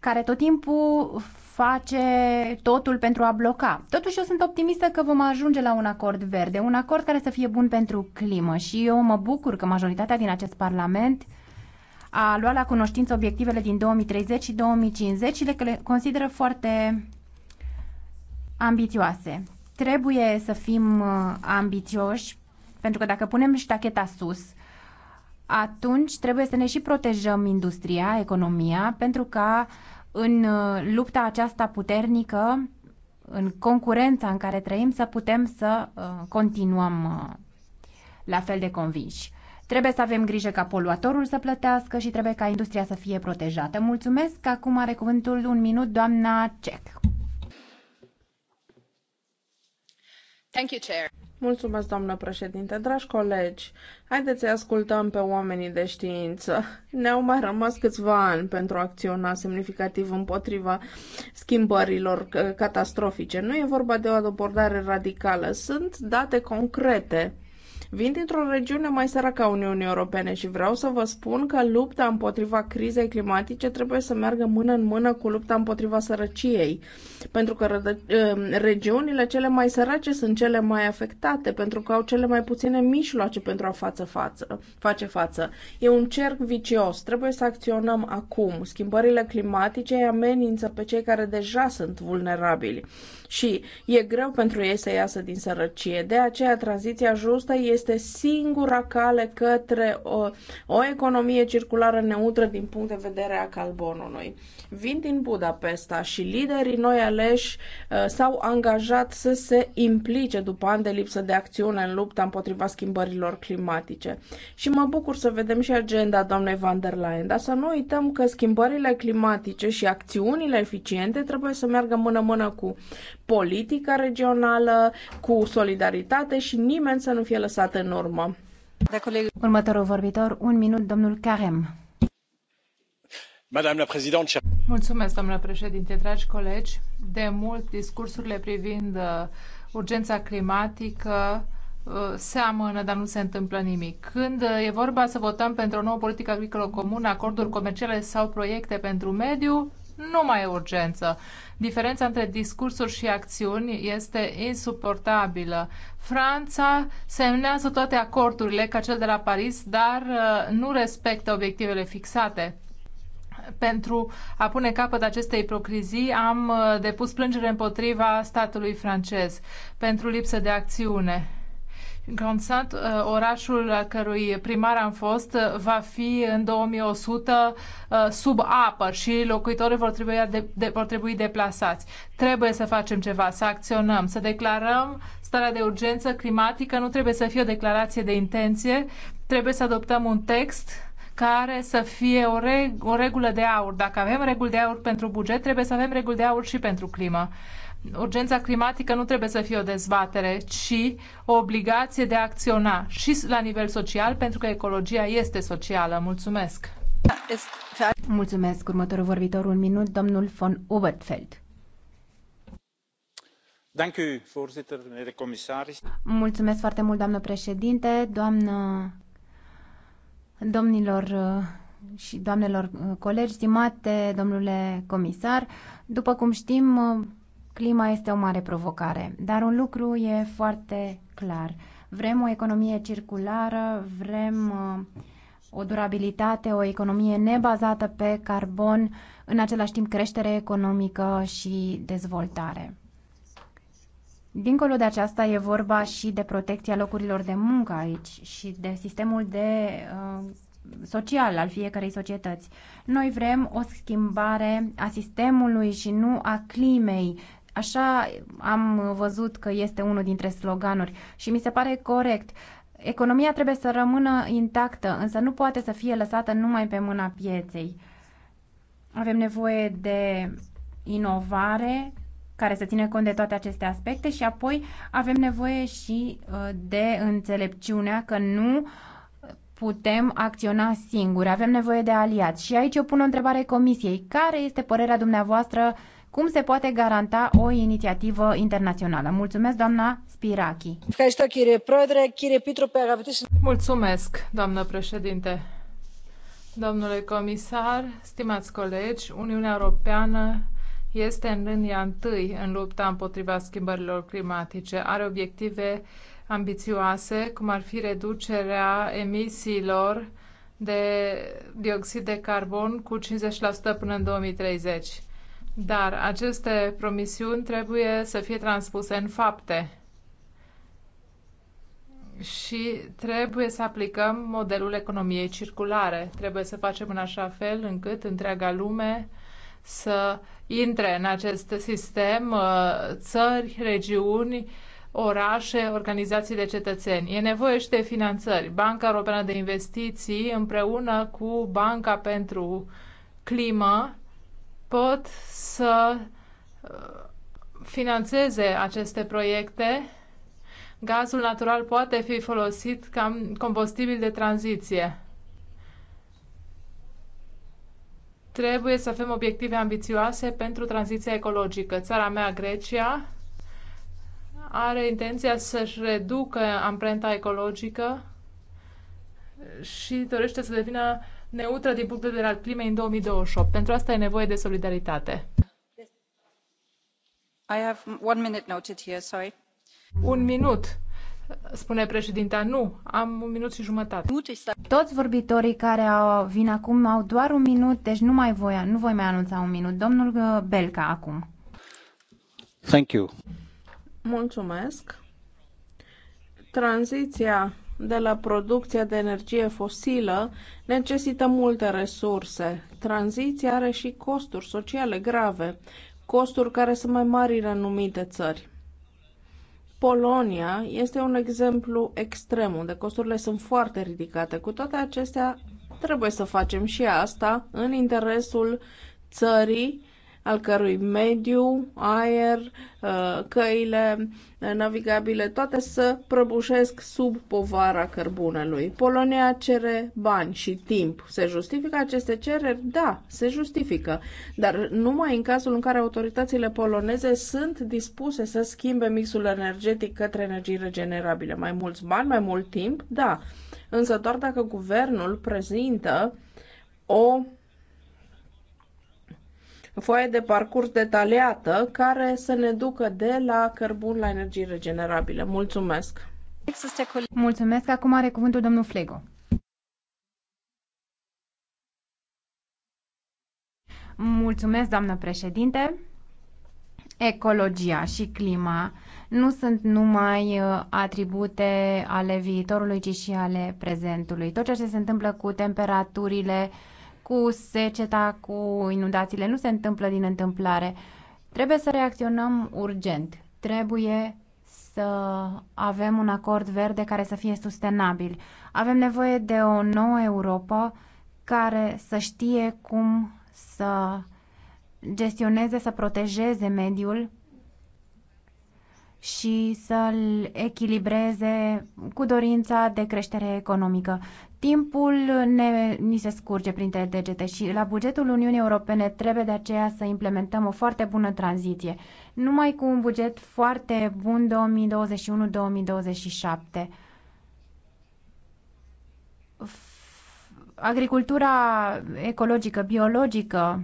care tot timpul face totul pentru a bloca. Totuși eu sunt optimistă că vom ajunge la un acord verde, un acord care să fie bun pentru climă și eu mă bucur că majoritatea din acest parlament a luat la cunoștință obiectivele din 2030 și 2050 și le consideră foarte ambițioase. Trebuie să fim uh, ambițioși, pentru că dacă punem ștacheta sus, atunci trebuie să ne și protejăm industria, economia, pentru ca în uh, lupta aceasta puternică, în concurența în care trăim, să putem să uh, continuăm uh, la fel de convinși. Trebuie să avem grijă ca poluatorul să plătească și trebuie ca industria să fie protejată. Mulțumesc. Acum are cuvântul un minut doamna Cech. Thank you, Chair. Mulțumesc, doamnă președinte. Dragi colegi, haideți să ascultăm pe oamenii de știință. Ne-au mai rămas câțiva ani pentru a acționa semnificativ împotriva schimbărilor uh, catastrofice. Nu e vorba de o abordare radicală, sunt date concrete Vin dintr-o regiune mai săracă a Uniunii Europene și vreau să vă spun că lupta împotriva crizei climatice trebuie să meargă mână în mână cu lupta împotriva sărăciei, pentru că ă, regiunile cele mai sărace sunt cele mai afectate, pentru că au cele mai puține mijloace pentru a față față, face față. E un cerc vicios, trebuie să acționăm acum. Schimbările climatice amenință pe cei care deja sunt vulnerabili și e greu pentru ei să iasă din sărăcie. De aceea, tranziția justă este singura cale către o, o economie circulară neutră din punct de vedere a carbonului. Vin din Budapesta și liderii noi aleși uh, s-au angajat să se implice după ani de lipsă de acțiune în lupta împotriva schimbărilor climatice. Și mă bucur să vedem și agenda doamnei van der Leyen, dar să nu uităm că schimbările climatice și acțiunile eficiente trebuie să meargă mână-mână cu politica regională, cu solidaritate și nimeni să nu fie lăsat în urmă. Următorul vorbitor, un minut, domnul Carem. Mulțumesc, domnule președinte, dragi colegi. De mult, discursurile privind uh, urgența climatică uh, seamănă, dar nu se întâmplă nimic. Când uh, e vorba să votăm pentru o nouă politică agricolă comună, acorduri comerciale sau proiecte pentru mediu, nu mai e urgență. Diferența între discursuri și acțiuni este insuportabilă. Franța semnează toate acordurile ca cel de la Paris, dar uh, nu respectă obiectivele fixate. Pentru a pune capăt acestei ipocrizii, am uh, depus plângere împotriva statului francez pentru lipsă de acțiune Gronsat, uh, orașul a cărui primar am fost, uh, va fi în 2100 uh, sub apă și locuitorii vor trebui, de, de, vor trebui deplasați. Trebuie să facem ceva, să acționăm, să declarăm starea de urgență climatică. Nu trebuie să fie o declarație de intenție, trebuie să adoptăm un text care să fie o, reg- o regulă de aur. Dacă avem reguli de aur pentru buget, trebuie să avem reguli de aur și pentru climă urgența climatică nu trebuie să fie o dezbatere, ci o obligație de a acționa și la nivel social, pentru că ecologia este socială. Mulțumesc! Mulțumesc. Următorul vorbitor, un minut, domnul von Obertfeld. Mulțumesc foarte mult, doamnă președinte, doamnă, domnilor uh, și doamnelor uh, colegi, stimate domnule comisar. După cum știm, uh, Clima este o mare provocare, dar un lucru e foarte clar. Vrem o economie circulară, vrem uh, o durabilitate, o economie nebazată pe carbon, în același timp creștere economică și dezvoltare. Dincolo de aceasta e vorba și de protecția locurilor de muncă aici și de sistemul de uh, social al fiecărei societăți. Noi vrem o schimbare a sistemului și nu a climei Așa am văzut că este unul dintre sloganuri și mi se pare corect. Economia trebuie să rămână intactă, însă nu poate să fie lăsată numai pe mâna pieței. Avem nevoie de inovare care să țină cont de toate aceste aspecte și apoi avem nevoie și uh, de înțelepciunea că nu putem acționa singuri, avem nevoie de aliați. Și aici eu pun o întrebare comisiei. Care este părerea dumneavoastră cum se poate garanta o inițiativă internațională? Mulțumesc, doamna Spirachi. Mulțumesc, doamnă președinte. Domnule comisar, stimați colegi, Uniunea Europeană este în linia întâi în lupta împotriva schimbărilor climatice. Are obiective ambițioase, cum ar fi reducerea emisiilor de dioxid de carbon cu 50% până în 2030. Dar aceste promisiuni trebuie să fie transpuse în fapte și trebuie să aplicăm modelul economiei circulare. Trebuie să facem în așa fel încât întreaga lume să intre în acest sistem uh, țări, regiuni, orașe, organizații de cetățeni. E nevoie și de finanțări. Banca Europeană de Investiții împreună cu Banca pentru Climă pot să uh, financeze aceste proiecte. Gazul natural poate fi folosit ca combustibil de tranziție. Trebuie să avem obiective ambițioase pentru tranziția ecologică. Țara mea, Grecia, are intenția să-și reducă amprenta ecologică și dorește să devină neutră din punct de vedere al climei în 2028. Pentru asta e nevoie de solidaritate. I have one minute noted here, sorry. Un minut, spune președinta. Nu, am un minut și jumătate. Toți vorbitorii care au, vin acum au doar un minut, deci nu mai voi, nu voi mai anunța un minut. Domnul uh, Belca acum. Thank you. Mulțumesc. Tranziția de la producția de energie fosilă necesită multe resurse. Tranziția are și costuri sociale grave, costuri care sunt mai mari în anumite țări. Polonia este un exemplu extrem, unde costurile sunt foarte ridicate. Cu toate acestea, trebuie să facem și asta în interesul țării al cărui mediu, aer, uh, căile uh, navigabile, toate să prăbușesc sub povara cărbunelui. Polonia cere bani și timp. Se justifică aceste cereri? Da, se justifică, dar numai în cazul în care autoritățile poloneze sunt dispuse să schimbe mixul energetic către energii regenerabile. Mai mulți bani, mai mult timp? Da, însă doar dacă guvernul prezintă o foaie de parcurs detaliată care să ne ducă de la cărbun la energie regenerabile. Mulțumesc! Mulțumesc! Acum are cuvântul domnul Flego. Mulțumesc, doamnă președinte! Ecologia și clima nu sunt numai uh, atribute ale viitorului, ci și ale prezentului. Tot ceea ce se întâmplă cu temperaturile, uh, cu seceta, cu inundațiile. Nu se întâmplă din întâmplare. Trebuie să reacționăm urgent. Trebuie să avem un acord verde care să fie sustenabil. Avem nevoie de o nouă Europa care să știe cum să gestioneze, să protejeze mediul și să-l echilibreze cu dorința de creștere economică. Timpul ne, ni se scurge printre degete și la bugetul Uniunii Europene trebuie de aceea să implementăm o foarte bună tranziție, numai cu un buget foarte bun 2021-2027. Agricultura ecologică, biologică,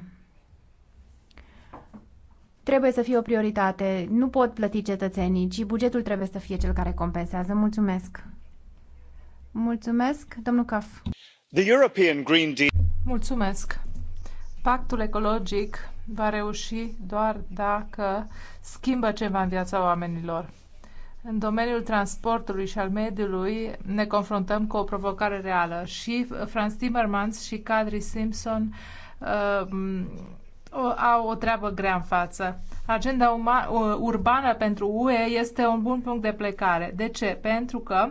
trebuie să fie o prioritate. Nu pot plăti cetățenii, ci bugetul trebuie să fie cel care compensează. Mulțumesc! Mulțumesc, domnul Caf. The European Green Deal. Mulțumesc. Pactul ecologic va reuși doar dacă schimbă ceva în viața oamenilor. În domeniul transportului și al mediului ne confruntăm cu o provocare reală și Franz Timmermans și Kadri Simpson uh, Uh, au o treabă grea în față. Agenda uh, urbană pentru UE este un bun punct de plecare. De ce? Pentru că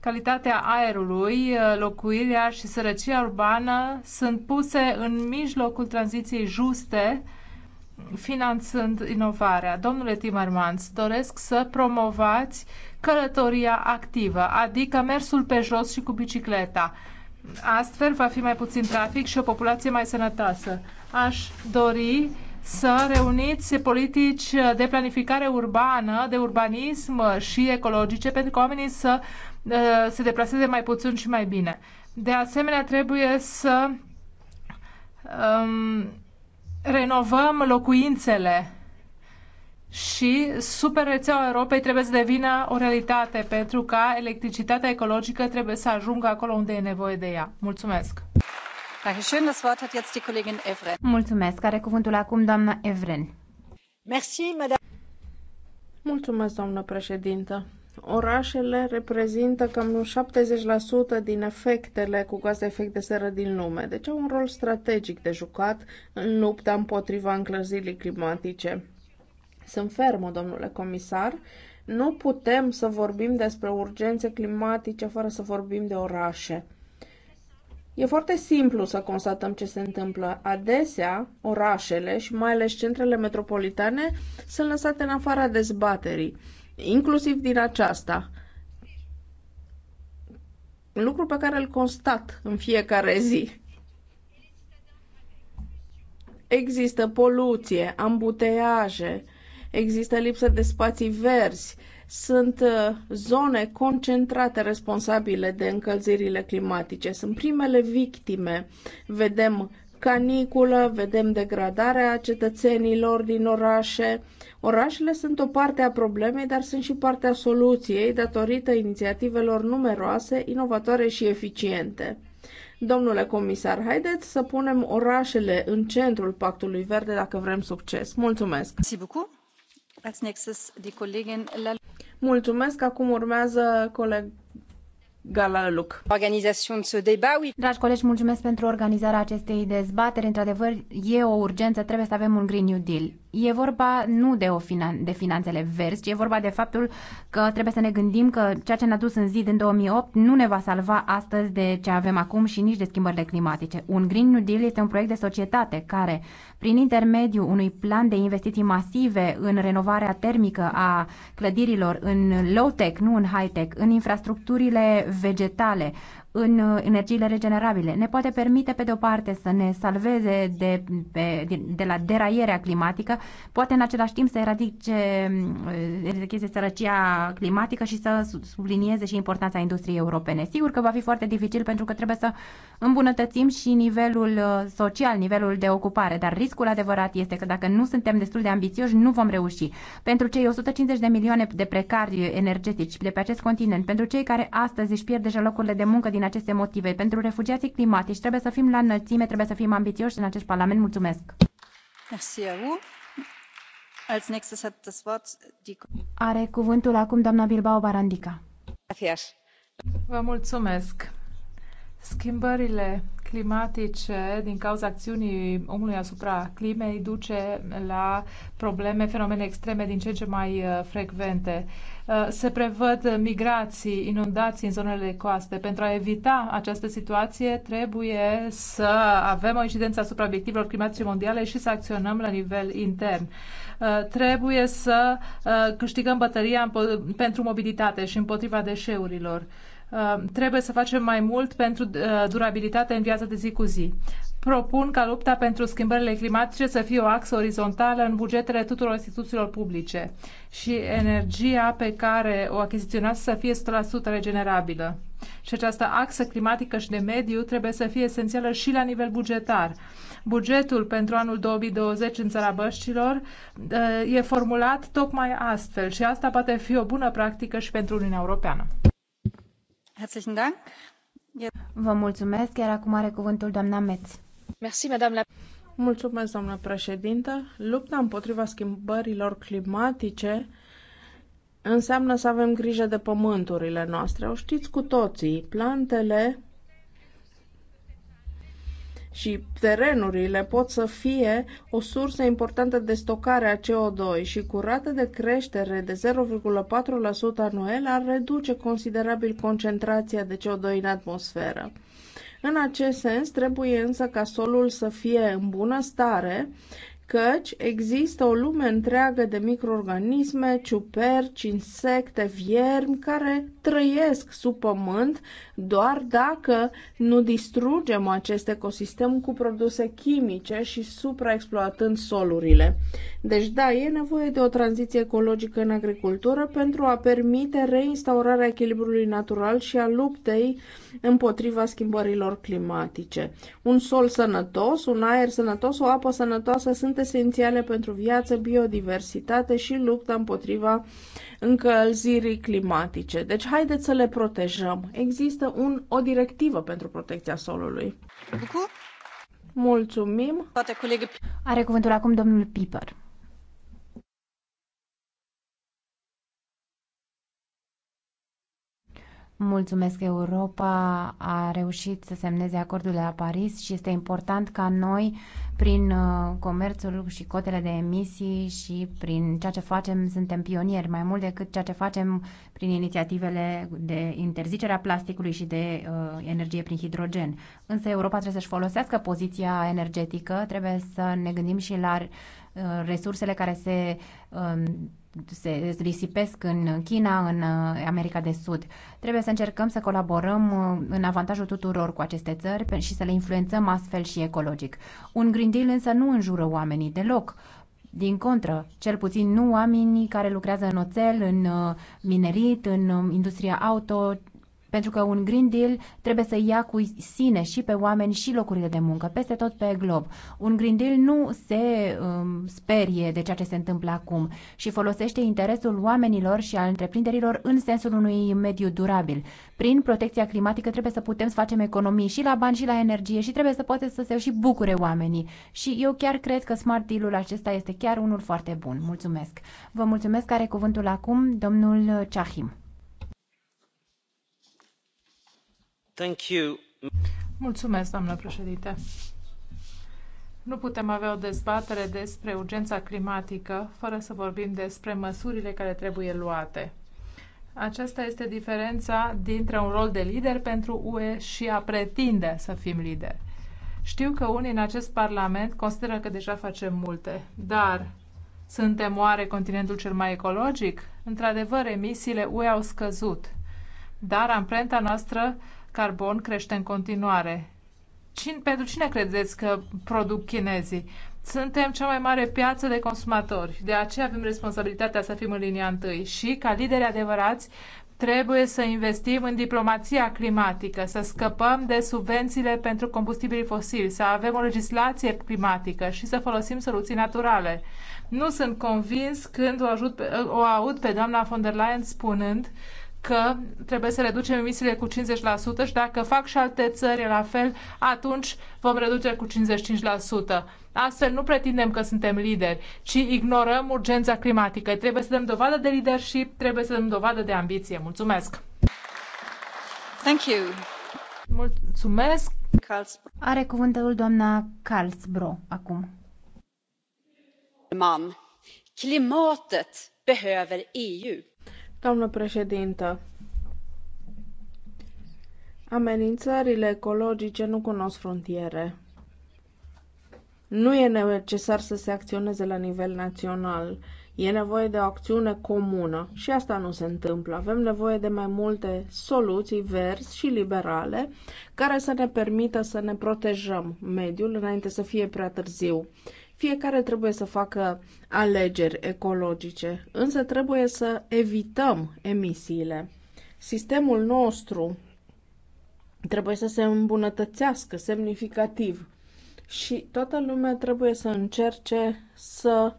calitatea aerului, uh, locuirea și sărăcia urbană sunt puse în mijlocul tranziției juste finanțând inovarea. Domnule Timmermans, doresc să promovați călătoria activă, adică mersul pe jos și cu bicicleta. Astfel va fi mai puțin trafic și o populație mai sănătoasă aș dori să reuniți politici de planificare urbană, de urbanism și ecologice, pentru că oamenii să uh, se deplaseze mai puțin și mai bine. De asemenea, trebuie să um, renovăm locuințele și super rețeaua Europei trebuie să devină o realitate, pentru ca electricitatea ecologică trebuie să ajungă acolo unde e nevoie de ea. Mulțumesc! Mulțumesc. Are cuvântul acum doamna Evren. Mulțumesc, doamnă președintă. Orașele reprezintă cam 70% din efectele cu gaze efect de seră din lume, deci au un rol strategic de jucat în lupta împotriva încălzirii climatice. Sunt fermă, domnule comisar, nu putem să vorbim despre urgențe climatice fără să vorbim de orașe. E foarte simplu să constatăm ce se întâmplă. Adesea, orașele și mai ales centrele metropolitane sunt lăsate în afara dezbaterii, inclusiv din aceasta. Lucru pe care îl constat în fiecare zi. Există poluție, ambuteiaje, există lipsă de spații verzi, sunt uh, zone concentrate responsabile de încălzirile climatice. Sunt primele victime. Vedem caniculă, vedem degradarea cetățenilor din orașe. Orașele sunt o parte a problemei, dar sunt și parte a soluției datorită inițiativelor numeroase, inovatoare și eficiente. Domnule comisar, haideți să punem orașele în centrul Pactului Verde dacă vrem succes. Mulțumesc! Mulțumesc. Mulțumesc. Acum urmează coleg Dragi colegi, mulțumesc pentru organizarea acestei dezbateri. Într-adevăr, e o urgență, trebuie să avem un Green New Deal. E vorba nu de, o finan- de finanțele verzi, ci e vorba de faptul că trebuie să ne gândim că ceea ce ne-a dus în zid în 2008 nu ne va salva astăzi de ce avem acum și nici de schimbările climatice. Un Green New Deal este un proiect de societate care prin intermediul unui plan de investiții masive în renovarea termică a clădirilor, în low-tech, nu în high-tech, în infrastructurile vegetale, în uh, energiile regenerabile. Ne poate permite, pe de-o parte, să ne salveze de, pe, de la deraierea climatică, poate în același timp să eradice, uh, eradicheze sărăcia climatică și să sublinieze și importanța industriei europene. Sigur că va fi foarte dificil pentru că trebuie să îmbunătățim și nivelul uh, social, nivelul de ocupare, dar riscul adevărat este că dacă nu suntem destul de ambițioși, nu vom reuși. Pentru cei 150 de milioane de precari energetici de pe acest continent, pentru cei care astăzi își pierd deja locurile de muncă din din aceste motive. Pentru refugiații climatici trebuie să fim la înălțime, trebuie să fim ambițioși în acest Parlament. Mulțumesc! Are cuvântul acum doamna Bilbao Barandica. Vă mulțumesc! Schimbările climatice din cauza acțiunii omului asupra climei duce la probleme, fenomene extreme din ce în ce mai uh, frecvente. Uh, se prevăd migrații, inundații în zonele de coaste. Pentru a evita această situație, trebuie să avem o incidență asupra obiectivelor climatice mondiale și să acționăm la nivel intern. Uh, trebuie să câștigăm bătăria pentru mobilitate și împotriva deșeurilor Uh, trebuie să facem mai mult pentru uh, durabilitate în viața de zi cu zi. Propun ca lupta pentru schimbările climatice să fie o axă orizontală în bugetele tuturor instituțiilor publice și energia pe care o achiziționați să fie 100% regenerabilă. Și această axă climatică și de mediu trebuie să fie esențială și la nivel bugetar. Bugetul pentru anul 2020 în țara Băștilor uh, e formulat tocmai astfel și asta poate fi o bună practică și pentru Uniunea Europeană. Vă mulțumesc, acum are cuvântul Metz. Mulțumesc, doamnă președintă. Lupta împotriva schimbărilor climatice înseamnă să avem grijă de pământurile noastre. O știți cu toții, plantele și terenurile pot să fie o sursă importantă de stocare a CO2 și cu rată de creștere de 0,4% anual ar reduce considerabil concentrația de CO2 în atmosferă. În acest sens, trebuie însă ca solul să fie în bună stare căci există o lume întreagă de microorganisme, ciuperci, insecte, viermi care trăiesc sub pământ doar dacă nu distrugem acest ecosistem cu produse chimice și supraexploatând solurile. Deci da, e nevoie de o tranziție ecologică în agricultură pentru a permite reinstaurarea echilibrului natural și a luptei împotriva schimbărilor climatice. Un sol sănătos, un aer sănătos, o apă sănătoasă sunt esențiale pentru viață, biodiversitate și lupta împotriva încălzirii climatice. Deci haideți să le protejăm. Există un, o directivă pentru protecția solului. Mulțumim! Are cuvântul acum domnul Piper. Mulțumesc, Europa a reușit să semneze acordul de la Paris și este important ca noi, prin uh, comerțul și cotele de emisii și prin ceea ce facem, suntem pionieri mai mult decât ceea ce facem prin inițiativele de interzicerea plasticului și de uh, energie prin hidrogen. Însă Europa trebuie să-și folosească poziția energetică, trebuie să ne gândim și la uh, resursele care se uh, se risipesc în China, în uh, America de Sud. Trebuie să încercăm să colaborăm uh, în avantajul tuturor cu aceste țări și să le influențăm astfel și ecologic. Un Green Deal însă nu înjură oamenii deloc. Din contră, cel puțin nu oamenii care lucrează în oțel, în uh, minerit, în industria auto, pentru că un Green Deal trebuie să ia cu sine și pe oameni și locurile de muncă, peste tot pe glob. Un Green Deal nu se um, sperie de ceea ce se întâmplă acum și folosește interesul oamenilor și al întreprinderilor în sensul unui mediu durabil. Prin protecția climatică trebuie să putem să facem economii și la bani și la energie și trebuie să poate să se și bucure oamenii. Și eu chiar cred că Smart Deal-ul acesta este chiar unul foarte bun. Mulțumesc! Vă mulțumesc, are cuvântul acum domnul Chahim. Mulțumesc, doamnă președintă Nu putem avea o dezbatere despre urgența climatică fără să vorbim despre măsurile care trebuie luate. Aceasta este diferența dintre un rol de lider pentru UE și a pretinde să fim lideri. Știu că unii în acest Parlament consideră că deja facem multe, dar suntem oare continentul cel mai ecologic? Într-adevăr, emisiile UE au scăzut, dar amprenta noastră carbon crește în continuare. Cine, pentru cine credeți că produc chinezii? Suntem cea mai mare piață de consumatori, de aceea avem responsabilitatea să fim în linia întâi și, ca lideri adevărați, trebuie să investim în diplomația climatică, să scăpăm de subvențiile pentru combustibilii fosili, să avem o legislație climatică și să folosim soluții naturale. Nu sunt convins când o, ajut, o aud pe doamna von der Leyen spunând uh, că trebuie să reducem emisiile cu 50% și dacă fac și alte țări la fel, atunci vom reduce cu 55%. Astfel nu pretindem că suntem lideri, ci ignorăm urgența climatică. Trebuie să dăm dovadă de leadership, trebuie să dăm dovadă de ambiție. Mulțumesc! Thank you. Mulțumesc! Are cuvântul doamna Carlsbro acum. Man. Klimatet behöver EU Doamnă președintă, amenințările ecologice nu cunosc frontiere. Nu e necesar să se acționeze la nivel național. E nevoie de o acțiune comună și asta nu se întâmplă. Avem nevoie de mai multe soluții verzi și liberale care să ne permită să ne protejăm mediul înainte să fie prea târziu. Fiecare trebuie să facă alegeri ecologice, însă trebuie să evităm emisiile. Sistemul nostru trebuie să se îmbunătățească semnificativ și toată lumea trebuie să încerce să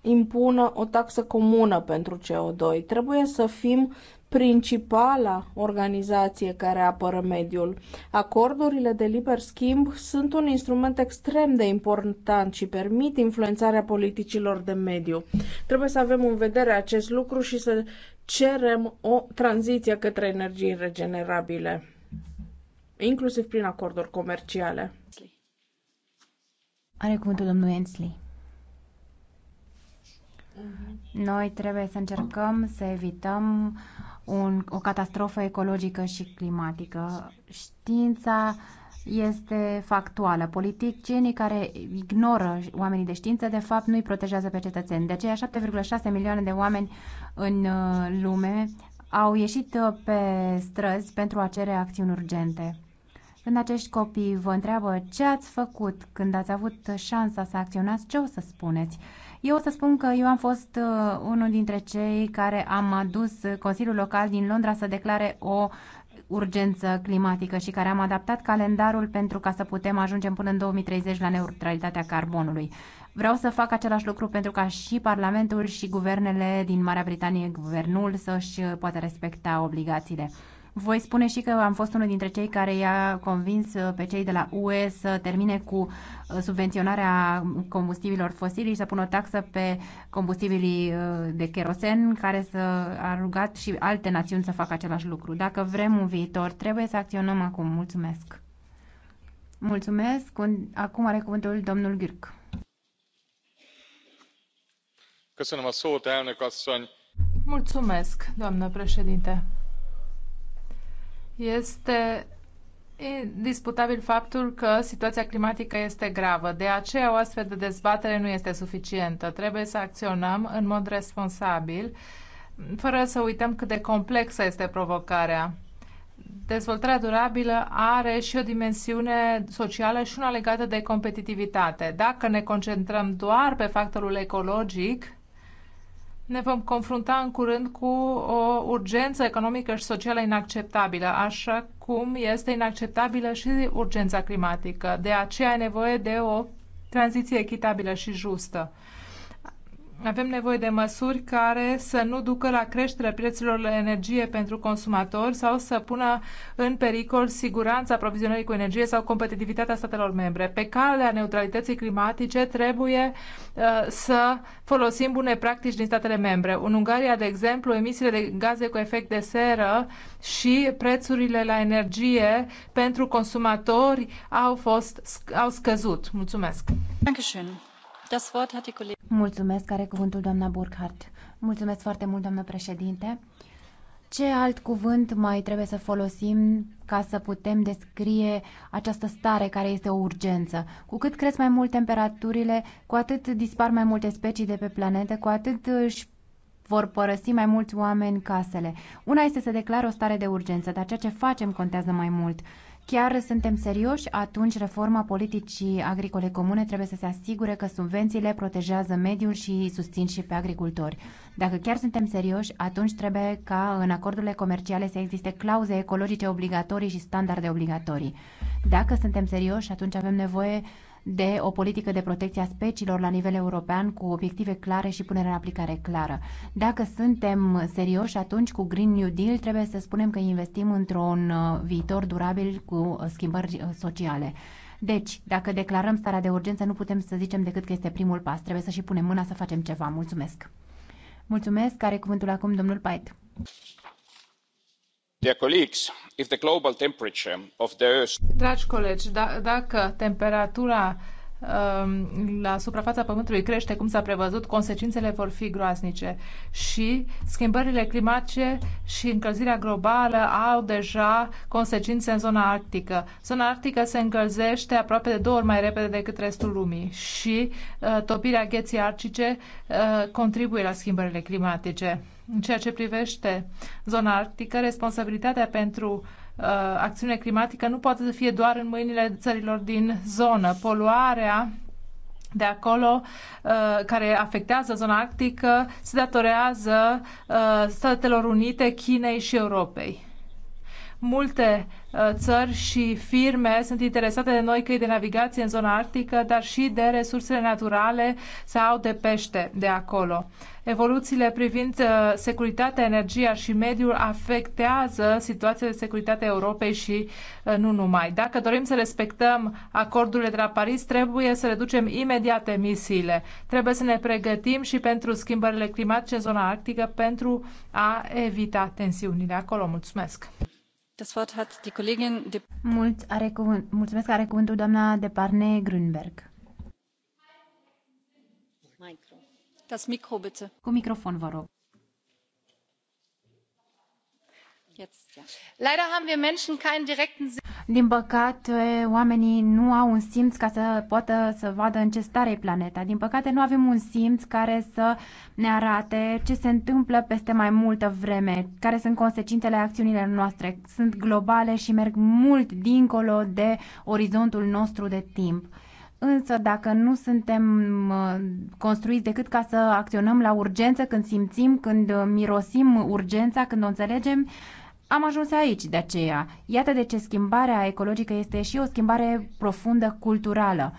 impună o taxă comună pentru CO2. Trebuie să fim principala organizație care apără mediul. Acordurile de liber schimb sunt un instrument extrem de important și permit influențarea politicilor de mediu. Trebuie să avem în vedere acest lucru și să cerem o tranziție către energii regenerabile, inclusiv prin acorduri comerciale. Are cuvântul domnul Ensley. Mhm. Noi trebuie să încercăm să evităm un, o catastrofă ecologică și climatică. Știința este factuală. Politicienii care ignoră oamenii de știință, de fapt, nu-i protejează pe cetățeni. De aceea, 7,6 milioane de oameni în uh, lume au ieșit uh, pe străzi pentru a cere acțiuni urgente. Când acești copii vă întreabă ce ați făcut când ați avut șansa să acționați, ce o să spuneți? Eu o să spun că eu am fost uh, unul dintre cei care am adus Consiliul Local din Londra să declare o urgență climatică și care am adaptat calendarul pentru ca să putem ajunge până în 2030 la neutralitatea carbonului. Vreau să fac același lucru pentru ca și Parlamentul și guvernele din Marea Britanie, guvernul, să-și uh, poată respecta obligațiile. Voi spune și că am fost unul dintre cei care i-a convins uh, pe cei de la UE să termine cu uh, subvenționarea combustibilor fosili și să pună o taxă pe combustibilii uh, de kerosen, care să a rugat și alte națiuni să facă același lucru. Dacă vrem un viitor, trebuie să acționăm acum. Mulțumesc! Mulțumesc! Acum are cuvântul domnul Gürk. Mulțumesc, doamnă președinte este disputabil faptul că situația climatică este gravă. De aceea o astfel de dezbatere nu este suficientă. Trebuie să acționăm în mod responsabil, fără să uităm cât de complexă este provocarea. Dezvoltarea durabilă are și o dimensiune socială și una legată de competitivitate. Dacă ne concentrăm doar pe factorul ecologic, ne vom confrunta în curând cu o urgență economică și socială inacceptabilă, așa cum este inacceptabilă și urgența climatică. De aceea e nevoie de o tranziție echitabilă și justă. Avem nevoie de măsuri care să nu ducă la creșterea prețurilor la energie pentru consumatori sau să pună în pericol siguranța aprovizionării cu energie sau competitivitatea statelor membre. Pe calea neutralității climatice trebuie uh, să folosim bune practici din statele membre. În Ungaria, de exemplu, emisiile de gaze cu efect de seră și prețurile la energie pentru consumatori au fost au scăzut. Mulțumesc. Mulțumesc, are cuvântul doamna Burkhardt. Mulțumesc foarte mult, doamnă președinte. Ce alt cuvânt mai trebuie să folosim ca să putem descrie această stare care este o urgență? Cu cât cresc mai mult temperaturile, cu atât dispar mai multe specii de pe planetă, cu atât își vor părăsi mai mulți oameni casele. Una este să declară o stare de urgență, dar ceea ce facem contează mai mult. Chiar suntem serioși? Atunci reforma politicii agricole comune trebuie să se asigure că subvențiile protejează mediul și susțin și pe agricultori. Dacă chiar suntem serioși, atunci trebuie ca în acordurile comerciale să existe clauze ecologice obligatorii și standarde obligatorii. Dacă suntem serioși, atunci avem nevoie uh, de o politică de protecție a speciilor la nivel european cu obiective clare și punere în aplicare clară. Dacă suntem serioși, atunci cu Green New Deal trebuie să spunem că investim într-un uh, viitor durabil cu uh, schimbări uh, sociale. Deci, dacă declarăm starea de urgență, nu putem să zicem decât că este primul pas. Trebuie să și punem mâna să facem ceva. Mulțumesc! Mulțumesc! Care cuvântul acum domnul Paet. Dragi colegi, da, dacă temperatura um, la suprafața Pământului crește cum s-a prevăzut, consecințele vor fi groaznice. Și schimbările climatice și încălzirea globală au deja consecințe în zona arctică. Zona arctică se încălzește aproape de două ori mai repede decât restul lumii și uh, topirea gheții arctice uh, contribuie la schimbările climatice. În ceea ce privește zona arctică, responsabilitatea pentru uh, acțiune climatică nu poate să fie doar în mâinile țărilor din zonă. Poluarea de acolo uh, care afectează zona arctică se datorează uh, Statelor Unite, Chinei și Europei. Multe uh, țări și firme sunt interesate de noi căi de navigație în zona arctică, dar și de resursele naturale sau de pește de acolo. Evoluțiile privind uh, securitatea, energia și mediul afectează situația de securitate a Europei și uh, nu numai. Dacă dorim să respectăm acordurile de la Paris, trebuie să reducem imediat emisiile. Trebuie să ne pregătim și pentru schimbările climatice în zona arctică pentru a evita tensiunile acolo. Mulțumesc! mulțumesc, are cuvântul doamna Deparne Grünberg. Cu microfon, vă rog. Din păcate, oamenii nu au un simț ca să poată să vadă în ce stare e planeta. Din păcate, nu avem un simț care să ne arate ce se întâmplă peste mai multă vreme, care sunt consecințele acțiunilor noastre. Sunt globale și merg mult dincolo de orizontul nostru de timp. Însă, dacă nu suntem construiți decât ca să acționăm la urgență, când simțim, când mirosim urgența, când o înțelegem, am ajuns aici, de aceea. Iată de ce schimbarea ecologică este și o schimbare profundă culturală.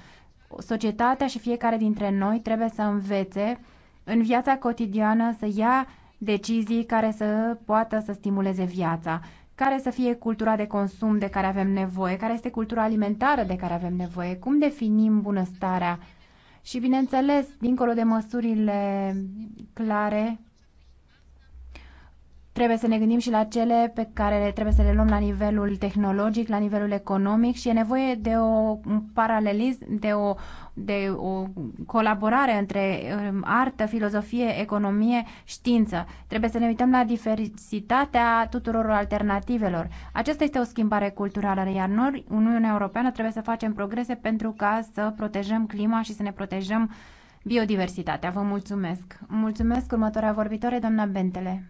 Societatea și fiecare dintre noi trebuie să învețe în viața cotidiană să ia decizii care să poată să stimuleze viața, care să fie cultura de consum de care avem nevoie, care este cultura alimentară de care avem nevoie, cum definim bunăstarea și, bineînțeles, dincolo de măsurile clare, Trebuie să ne gândim și la cele pe care trebuie să le luăm la nivelul tehnologic, la nivelul economic și e nevoie de o paralelism, de o, de o colaborare între um, artă, filozofie, economie, știință. Trebuie să ne uităm la diversitatea tuturor alternativelor. Aceasta este o schimbare culturală, iar noi, Uniunea Europeană, trebuie să facem progrese pentru ca să protejăm clima și să ne protejăm uh, biodiversitatea. Vă mulțumesc. Mulțumesc următoarea vorbitoare, doamna Bentele.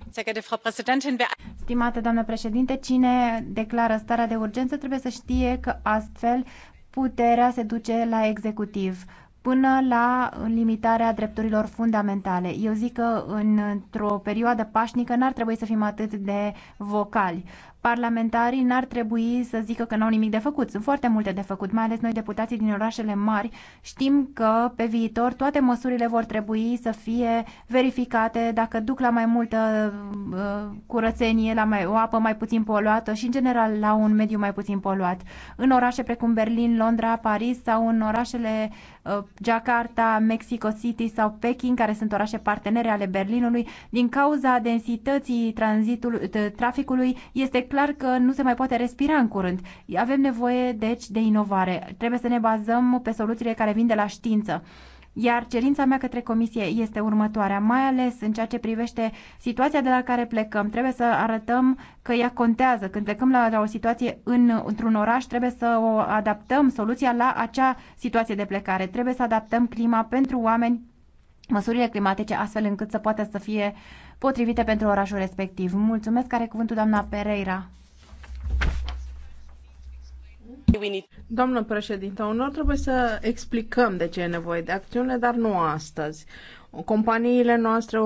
Stimată doamnă președinte, cine declară starea de urgență trebuie să știe că astfel puterea se duce la executiv până la limitarea drepturilor fundamentale. Eu zic că într-o perioadă pașnică n-ar trebui să fim atât de vocali parlamentarii n-ar trebui să zică că n-au nimic de făcut. Sunt foarte multe de făcut, mai ales noi deputații din orașele mari știm că pe viitor toate măsurile vor trebui să fie verificate dacă duc la mai multă uh, curățenie, la mai, o apă mai puțin poluată și în general la un mediu mai puțin poluat. În orașe precum Berlin, Londra, Paris sau în orașele Uh, Jakarta, Mexico City sau Peking, care sunt orașe partenere ale Berlinului, din cauza densității traficului, este clar că nu se mai poate respira în curând. Avem nevoie, deci, de inovare. Trebuie să ne bazăm pe soluțiile care vin de la știință. Iar cerința mea către Comisie este următoarea, mai ales în ceea ce privește situația de la care plecăm. Trebuie să arătăm că ea contează. Când plecăm la, la o situație în, într-un oraș, trebuie să o adaptăm soluția la acea situație de plecare. Trebuie să adaptăm clima pentru oameni, măsurile climatice, astfel încât să poată să fie potrivite pentru orașul respectiv. Mulțumesc, care cuvântul doamna Pereira. Doamnă președintă, unor trebuie să explicăm de ce e nevoie de acțiune, dar nu astăzi. Companiile noastre